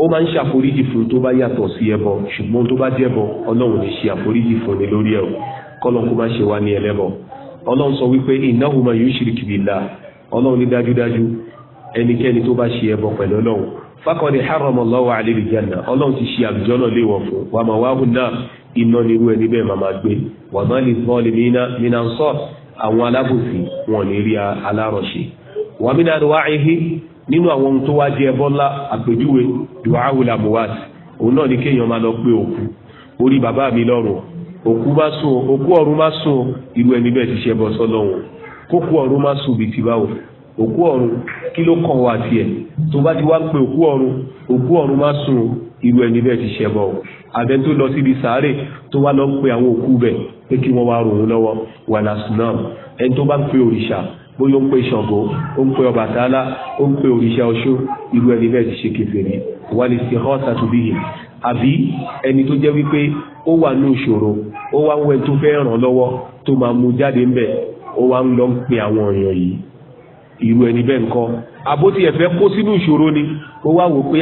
[SPEAKER 1] ó máa ń ṣàforíjì fún tó bá yàtọ̀ sí ẹbọ ṣùgbọ́n tó bá jẹ́bọ ọlọ́run lè ṣe àforíjì fún ni lórí o kọ́lọ́n kó má ṣe wá ní ẹlẹ́bọ ọlọ́run sọ wípé innahu man yushrik billah ọlọ́run ní dájúdájú ẹnikẹ́ni tó bá ṣe ẹbọ pẹ̀lú ọlọ́run faqad harrama Allahu alayhi ọlọ́run ti ṣe náà àwọn alábòsí wọn ní rí alárọ̀ṣe wàmínà àdúwáìhí nínú àwọn ohun tó wá jẹ bọ́lá àpèjúwe dùhàwùlà muwàsì òun náà ní kéèyàn máa lọ pé òkú orí bàbá mi lọ́rùn òkú má sùn òkú ọ̀run má sùn irú ẹni bẹ́ẹ̀ ti ṣe bọ́ sọ́lọ́hún kókú ọ̀run má sùn bìtì báwò òkú ọ̀run kí ló kàn wá tiẹ̀ tó bá ti wá pé òkú ọ̀run òkú ọ̀run má sùn irú ẹni bẹ́ẹ̀ ti ṣe bọ́ abẹ́ tó lọ síbi sàárè tó wá lọ pé àwọn òkú bẹ́ẹ̀ pé kí wọ́n wá ròhun lọ́wọ́ wàlà sunam ẹni tó bá ń pe òrìṣà bóyá ó ń pe ṣàngó ó ń pe ọbàtálá ó ń pe òrìṣà ọ̀ṣun irú ẹni bẹ́ẹ̀ ti ṣe kèfèrí wàlẹ̀ sí họ́ọ̀sà tó bí yìí àbí ẹni tó jẹ́ wípé ó wà ní ìṣòro ó wá ń wẹ́ tó fẹ́ ràn lọ́wọ́ tó máa mú jáde ńbẹ̀ ó wá ń lọ ń àwọn èèyàn yìí irú ẹni bẹ́ẹ̀ ńkọ́ àbó ti ẹ̀fẹ́ kó sínú ìṣòro ni ó wá wò pé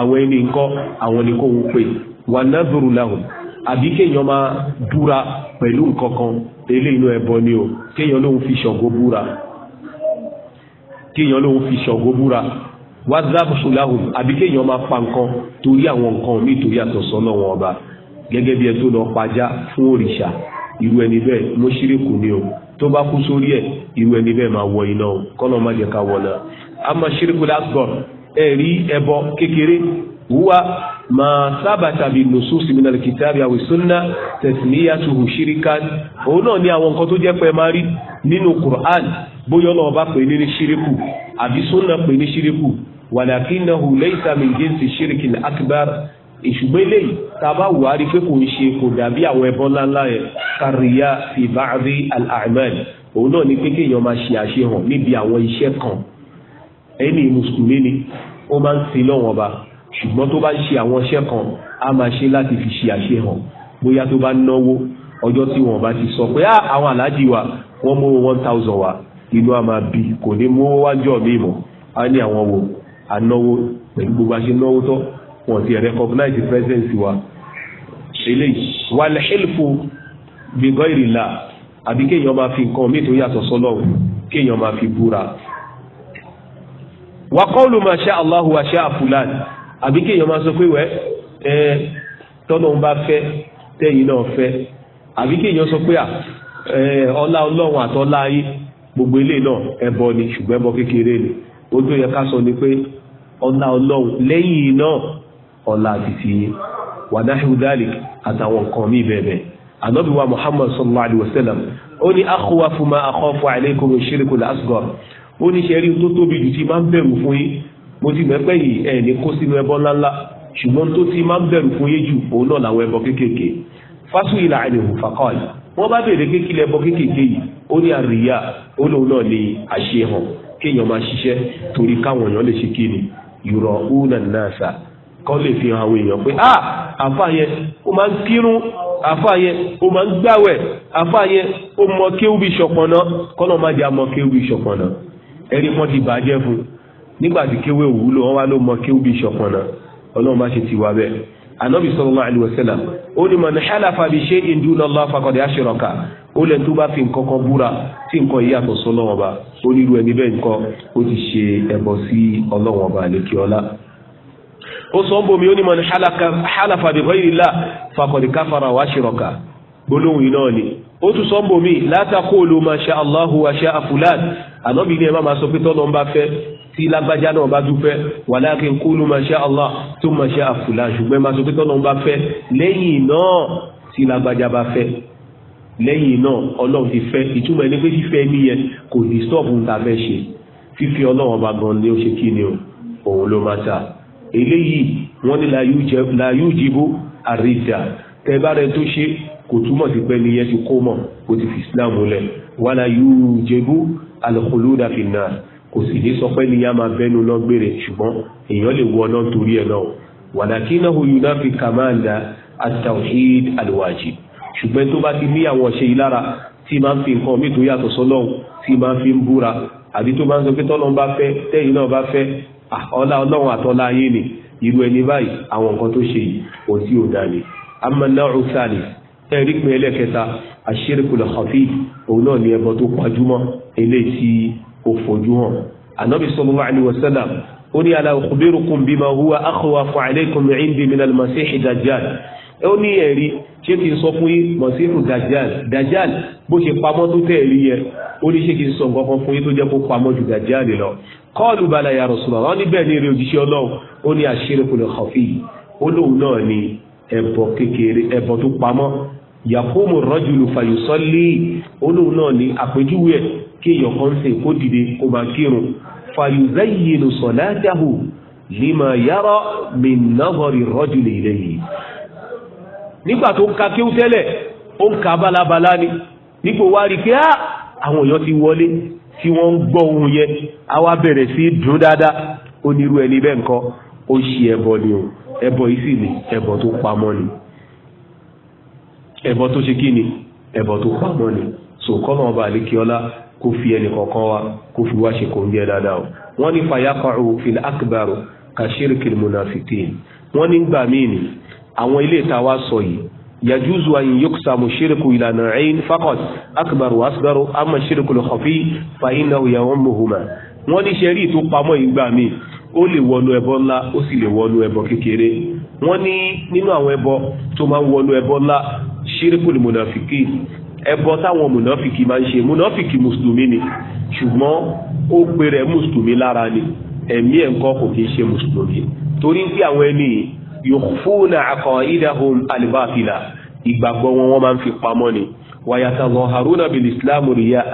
[SPEAKER 1] àwọn ẹni ńkọ́ àwọn ni kò ń pè wà náà zòrò láhùn àbí kéèyàn máa búra pẹ̀lú nǹkan kan eléyìí inú ẹbọ ni o kéèyàn lóun fi ṣọ̀gbó búra kéèyàn lóun fi ṣọ̀gbó búra wazab ṣùláhùn àbí kéèyàn máa pa nǹkan torí àwọn nǹkan mi torí àtọ̀sọ́ náà wọn ọba gẹ́gẹ́ bí ẹ tó lọ pajá fún òrìṣà irú ẹni bẹ́ẹ̀ mọ́ṣíríkù ni o tó bá kú sórí ẹ̀ irú ẹni bẹ́ẹ̀ máa wọ iná o kọ́nà má jẹ́ ká wọ̀ náà. àmọ́ ṣíríkù lásgọ̀r ẹ̀rí ẹbọ kékeré wúwa ma sábàtà bí nusus min al-kitabi aw sunna tasmiyatuhu shirikan òun náà ní àwọn nǹkan tó jẹ́ pé máa rí nínú Qur'an bóyá ọlọ́wọ́ bá pè ní ní ṣíríkù àbí sunna pè ní ṣíríkù walakinahu laysa min jinsi shirikil akbar ìṣùgbọ́n eléyìí tá a bá wà á rí pé kò ń ṣe kò dàbí àwọn ẹbọ ńláńlá yẹn kàríyá fi al-a'mal òun náà ní pé kéèyàn máa ṣe àṣehàn níbi àwọn iṣẹ́ kan ẹni mùsùlùmí ni ó máa ń sin lọ́wọ́n ọba ṣùgbọ́n tó bá ń ṣe àwọn iṣẹ́ kan a máa ṣe láti fi ṣe àṣehàn bóyá tó bá náwó ọjọ́ tí wọ́n bá ti sọ pé ah, àwọn aláàjì wa wọ́n mú one thousand wa inú a máa bí kò ní mú wájú ọ̀mí ìmọ̀ a ní àwọn wo anáwó pẹ̀lú gbogbo àṣẹ náwó tọ́ wọ́n ti recognize presence wa eléyìí wàlẹ̀ helfo gbẹ̀gọ́ ìrìlà àbí kéèyàn máa fi nǹkan mí tó yàtọ̀ sọ́lọ́wọ́ kéèyàn máa fi búra. wàkọ́ọ̀lù máa ṣá Allahu wa ṣá àbí kéèyàn máa sọ pé wẹ́ ẹ tọ́nà ń bá fẹ́ tẹ́yìn náà fẹ́ àbí kéèyàn sọ pé ọlá ọlọ́run àtọ́lá ayé gbogbo ilé náà ẹbọ ni ṣùgbọ́n ẹbọ kékeré ni ó tó yẹ ká sọ ni pé ọlá ọlọ́run lẹ́yìn náà ọlá àtìtì yìí wàdáhù dalik àtàwọn nǹkan mi bẹ̀rẹ̀ ànábì wa muhammad sallallahu alayhi wa sallam ó ní ma ó ní ṣe rí tó tóbi jù mo ti mẹ́pẹ́ yìí ẹ̀ ní kó sínú ẹbọ ńláńlá ṣùgbọ́n tó ti máa ń bẹ̀rù fún yé jù òun náà làwọn ẹbọ kéékèèké fásúyìlà àìlèhùn fàkọ́ọ̀lì wọ́n bá bèèrè kékeré ẹbọ kéékèèké yìí ó ní àríyá olóhùn náà ní àṣehàn kéèyàn máa ṣiṣẹ́ torí káwọn èèyàn lè ṣe kíni yùrọ̀ húnà náà sà kọ́ lè fi hàn àwọn èèyàn pé ah àfààyẹ ó máa ń kírun àfààyẹ ó máa ń gbàwẹ̀ àfààyẹ ó mọ kéwù bí ṣọpọ̀nà kọ́nà má jẹ́ àmọ́ kéwù bí ṣọpọ̀nà ẹ̀rí kan ti bàjẹ́ fún un nígbàtí kéwé òwúlò wọn wá ló mọ kéwú bí ṣọ̀pọ̀nà ọlọ́run bá ṣe ti wà bẹ́ẹ̀ anabi sallallahu alaihi wasallam ó ní mọ̀ ní halafa bi shay'in duna Allah faqad ashraka ó lẹ́nu tó bá fi nǹkan kan búra tí nǹkan yìí yàtọ̀ sọ́lọ́run ọba ó nílùú ẹni bẹ́ẹ̀ nǹkan ó ti ṣe ẹbọ sí ọlọ́run ọba àlekí ọlá ó sọ ń bomi ó ní mọ̀ ní halafa bi ghayri Allah faqad kafara wa ashraka gbólóhùn yìí náà ni ó tún sọ ń bomi la taqulu ma sha Allahu wa ànábì ní ẹ má máa sọ pé tọ́lọ́ ń bá fẹ́ tí lágbájá náà bá dúpẹ́ walakin qulu ma sha Allah thumma sha'a fulan ṣùgbọ́n máa sọ pé tọ́lọ́run bá fẹ́ lẹ́yìn náà tí lágbájá bá fẹ́ lẹ́yìn náà ọlọ́run ti fẹ́ ìtumọ̀ ẹni pé fífẹ́ ní yẹn kò ní sọ́ọ̀bù ta fẹ́ ṣe fífi ọlọ́run ọba gan ni ó ṣe kí ni òun ló máa ta eléyìí wọ́n ní la yujibu àrídà tẹ́bárẹ tó ṣe kò túmọ̀ sí pé ní yẹn ti kó mọ̀ kò ti fi islam lẹ̀ wala yujibu al-khuluda fin nar kò sì ní sọ pé ní yá máa bẹ́nu lọ gbére ṣùgbọ́n èèyàn lè wọ ọlọ́ torí ẹ̀ náà wàlákínáhù yunafi kàmáàdà àtàwíìd àlùwàjì ṣùgbọ́n tó bá ti ní àwọn ṣe ìlara tí máa ń fi nǹkan mí tó yàtọ̀ sọ́lọ́hùn tí máa ń fi ń búra àbí tó bá ń sọ pé tọ́lọ́n bá fẹ́ tẹ́yìn náà bá fẹ́ ọlá ọlọ́run àtọ́lá ayé ni irú ẹni báyìí àwọn nǹkan tó ṣe yìí kò tí ni kò fojú hàn anabi sallallahu alayhi wa sallam ó ní ala ukhbirukum bima huwa akhwafu alaykum indi min al-masih dajjal ó ní ẹ̀rí ṣé kí n sọ fún yín masihu dajjal dajjal bó ṣe pamọ́ tó tẹ̀ rí yẹ ó ní ṣé kí n sọ nǹkan kan fún yín tó jẹ́ kó pamọ́ ju dajjal lọ qalu bala ya rasulullah wọ́n ní bẹ́ẹ̀ ní eré òjíṣẹ́ ọlọ́run ó ní ashirkul khafi ó lóun náà ní ẹ̀bọ kékeré ẹ̀bọ tó pamọ́ yaqumu rajulu fayusalli ó náà ní àpèjúwe kí èèyàn kan ṣe kó dìde kó máa kírun fàyùzẹ́yìnù sọ̀lájáhù lima yára mìnàgọ́rì rọ́jùlẹ̀ ilẹ̀ yìí nígbà tó ń ka kí ó tẹ́lẹ̀ ó ń ka bálabàlá ni nígbò wá rí pé ah! àwọn èèyàn ti wọlé tí wọ́n ń gbọ́ ohun yẹn á wá bẹ̀rẹ̀ sí dùn dáadáa ó ẹni bẹ́ẹ̀ nǹkan ó ṣe ẹbọ ni o ẹbọ yìí sì ni ẹbọ tó pamọ́ ni ẹbọ tó ṣe kí ni ẹbọ tó pamọ́ ni so ọba àlékiọlá kó fi ẹnì kọ̀ọ̀kan wa kó fi wá ṣe kò ń jẹ́ dáadáa o wọ́n ní fayaqa'u fil akbar kashirkil munafiqin wọ́n ní gbà míì ní àwọn ilé ìta wa sọ yìí yajuzu an yuqsamu shirku ila na'in faqat akbar wa asgaru amma shirku al-khafi fa innahu yawmuhuma wọ́n ní ṣe rí ìtò pamọ́ ìgbà mi ó lè wọnú ẹbọ ńlá ó sì lè wọnú ẹbọ kékeré wọ́n ní nínú àwọn ẹbọ tó máa ń wọnú ẹbọ ńlá shirku al-munafiqin ẹbọ táwọn mùnàfìkì máa ń ṣe mùnàfìkì mùsùlùmí ni ṣùgbọ́n ó pe rẹ̀ mùsùlùmí lára ni ẹ̀mí ẹ̀ ńkọ́ kò kí ń ṣe mùsùlùmí torí pé àwọn ẹni yukhfuna aqaidahum al-batila ìgbàgbọ́ wọn wọ́n máa ń fi pamọ́ ni wayatazaharuna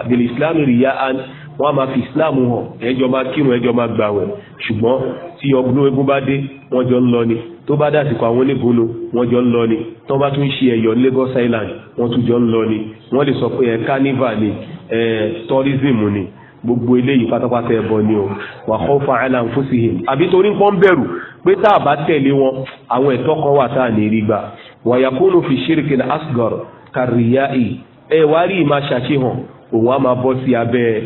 [SPEAKER 1] bilislamu riya'an wọ́n a máa fi islam hàn ẹjọ́ máa kírun ẹjọ́ máa gbàwẹ̀ ṣùgbọ́n tí ọgbọ́n egun bá dé wọ́n jọ ń lọ ni tó bá dásìkò àwọn oníbùnú wọ́n jọ ń lọ ni tó bá tún ṣe ẹ̀yọ̀ Lagos Island wọ́n tún jọ ń lọ ni wọ́n lè sọ pé ẹ̀ carnival ni ẹ̀ tourism ni gbogbo eléyìí pátápátá ẹbọ ni o wà kọ́ fa ẹ̀là ń fún sí i àbí torí ń pọ́n bẹ̀rù pé tá a bá tẹ̀lé wọn àwọn ẹ̀tọ́ kan wà tá a ní rí gbà wàyàkúnú fi ṣírìkì ní asgar kàríyáì ẹ wá rí ìmá ṣàṣehàn òun á máa bọ́ sí abẹ́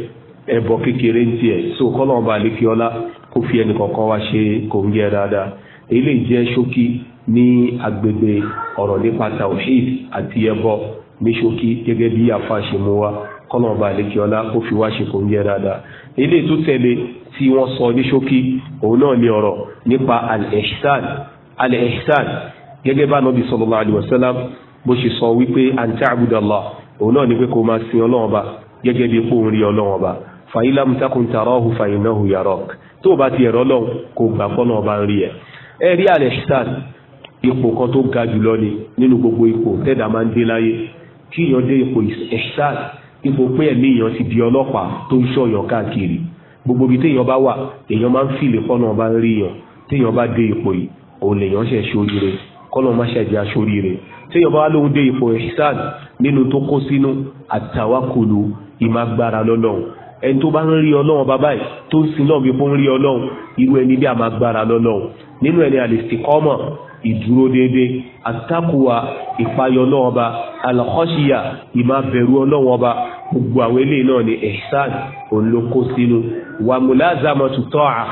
[SPEAKER 1] ẹbọ kékeré ń tiẹ̀ so kọ́lọ́ọ̀bà àlékiọlá kó fi ẹnì kọ̀ọ̀kan wá ṣe kò ń yẹ dáadáa eléyìí jẹ́ ṣókí ní agbègbè ọ̀rọ̀ nípa tawhid àti ẹbọ ní ṣókí gẹ́gẹ́ bí àfa ṣe mú wa kọ́nà ọba àlekíọ́lá kó fi wá ṣe kò ń jẹ́ dáadáa eléyìí tó tẹ̀lé tí wọ́n sọ ní ṣókí òun náà ní ọ̀rọ̀ nípa al-ihsan al-ihsan gẹ́gẹ́ bá nọ́bí sallallahu alaihi wasallam tó bá ti ẹ̀rọ ọlọ́run kò gbà ọba ń rí ẹ̀ ẹ rí alẹ́sán ipò kan tó ga jùlọ ni nínú gbogbo ipò tẹ́dà máa ń dé láyé kí èèyàn dé ipò ẹ̀sán ipò pé ẹ̀mí èèyàn ti di ọlọ́pàá tó ń ṣọ̀yàn káàkiri gbogbo ibi téèyàn bá wà èèyàn máa ń fìlè pọ́nà bá ń rí yàn téèyàn bá dé ipò yìí òun lèèyàn ṣe ṣoríire kọ́nà má ṣe jẹ́ aṣoríire téèyàn bá lóun dé ipò ẹ̀sán nínú tó kó sínú àtàwákùlù ìmágbára lọ́lọ́run ẹni tó bá ń rí ọlọ́run bàbá yìí tó ń sin náà bí kó ń rí ọlọ́run irú ẹni bí àmágbára lọ́lọ́run nínú ẹni al ìdúró déédé at ìpayọ náà ba al-khashiya ìmábẹ̀rù ọlọ́wọ́ ba gbogbo àwọn eléyìí náà ni ihsan òun ló kó sínú wa mulazamatu ta'a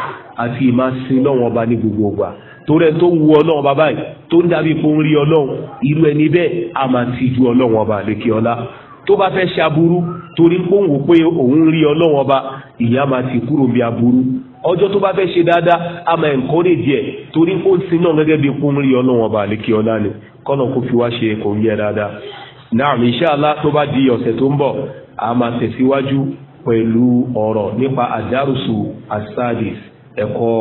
[SPEAKER 1] àti ìmásin náà wọn ba ní gbogbo ọgbà torí ẹ tó wu ọlọ́run bàbá yìí tó ń dàbí fún rí ọlọ́run irú ẹni bẹ́ẹ̀ a máa ti ju ọlọ́run ọba lékè ọlá tó bá fẹ́ ṣe aburú torí pé òun rí ọlọ́run ọba ìyá máa ti kúrò bí aburú ọjọ́ tó bá fẹ́ ṣe dáadáa a máa ẹ̀ǹkọ́rè díẹ̀ torí ó ń sin náà gẹ́gẹ́ bí kó ń rí ọlọ́wọ́n bá lékè ọlá ni kọ́nà kó fi wá ṣe kò ń yẹ dáadáa naam inshallah tó bá di ọ̀sẹ̀ tó ń bọ̀ a máa tẹ̀síwájú pẹ̀lú ọ̀rọ̀ nípa àdárùsù asadis ẹ̀kọ́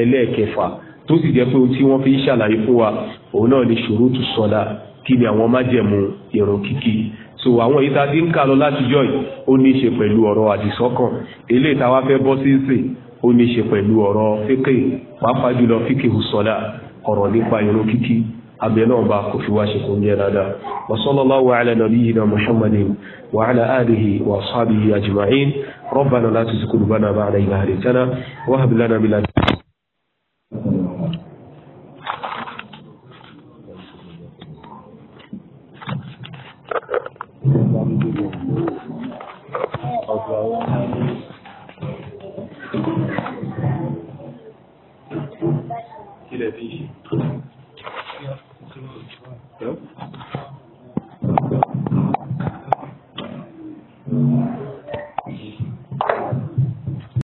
[SPEAKER 1] ẹlẹ́ẹ̀kẹfà tó sì jẹ́ pé ohun tí wọ́n fi ń ṣàlàyé fún wa òun náà ni ṣòrótù sọ́lá kí ni àwọn májẹ̀mú ìrun kíkí so àwọn èyí tá a ti ń kà lọ látijọ́ yìí ó ní í ṣe pẹ̀lú ọ̀rọ̀ àdìsọ́kàn eléyìí tá a wá fẹ́ bọ́ sí ń sè ó ní ṣe pẹ̀lú ọ̀rọ̀ fíkì pàápàá jùlọ fíkì hùsọ́lá ọ̀rọ̀ nípa irun kíkí abẹ́lẹ́ ọba kò fi wá ṣe kò ń jẹ́ dáadáa wa sallallahu ala nabiyyina muhammadin wa ala alihi wa ashabihi ajma'in Thank you. الذي Thank you.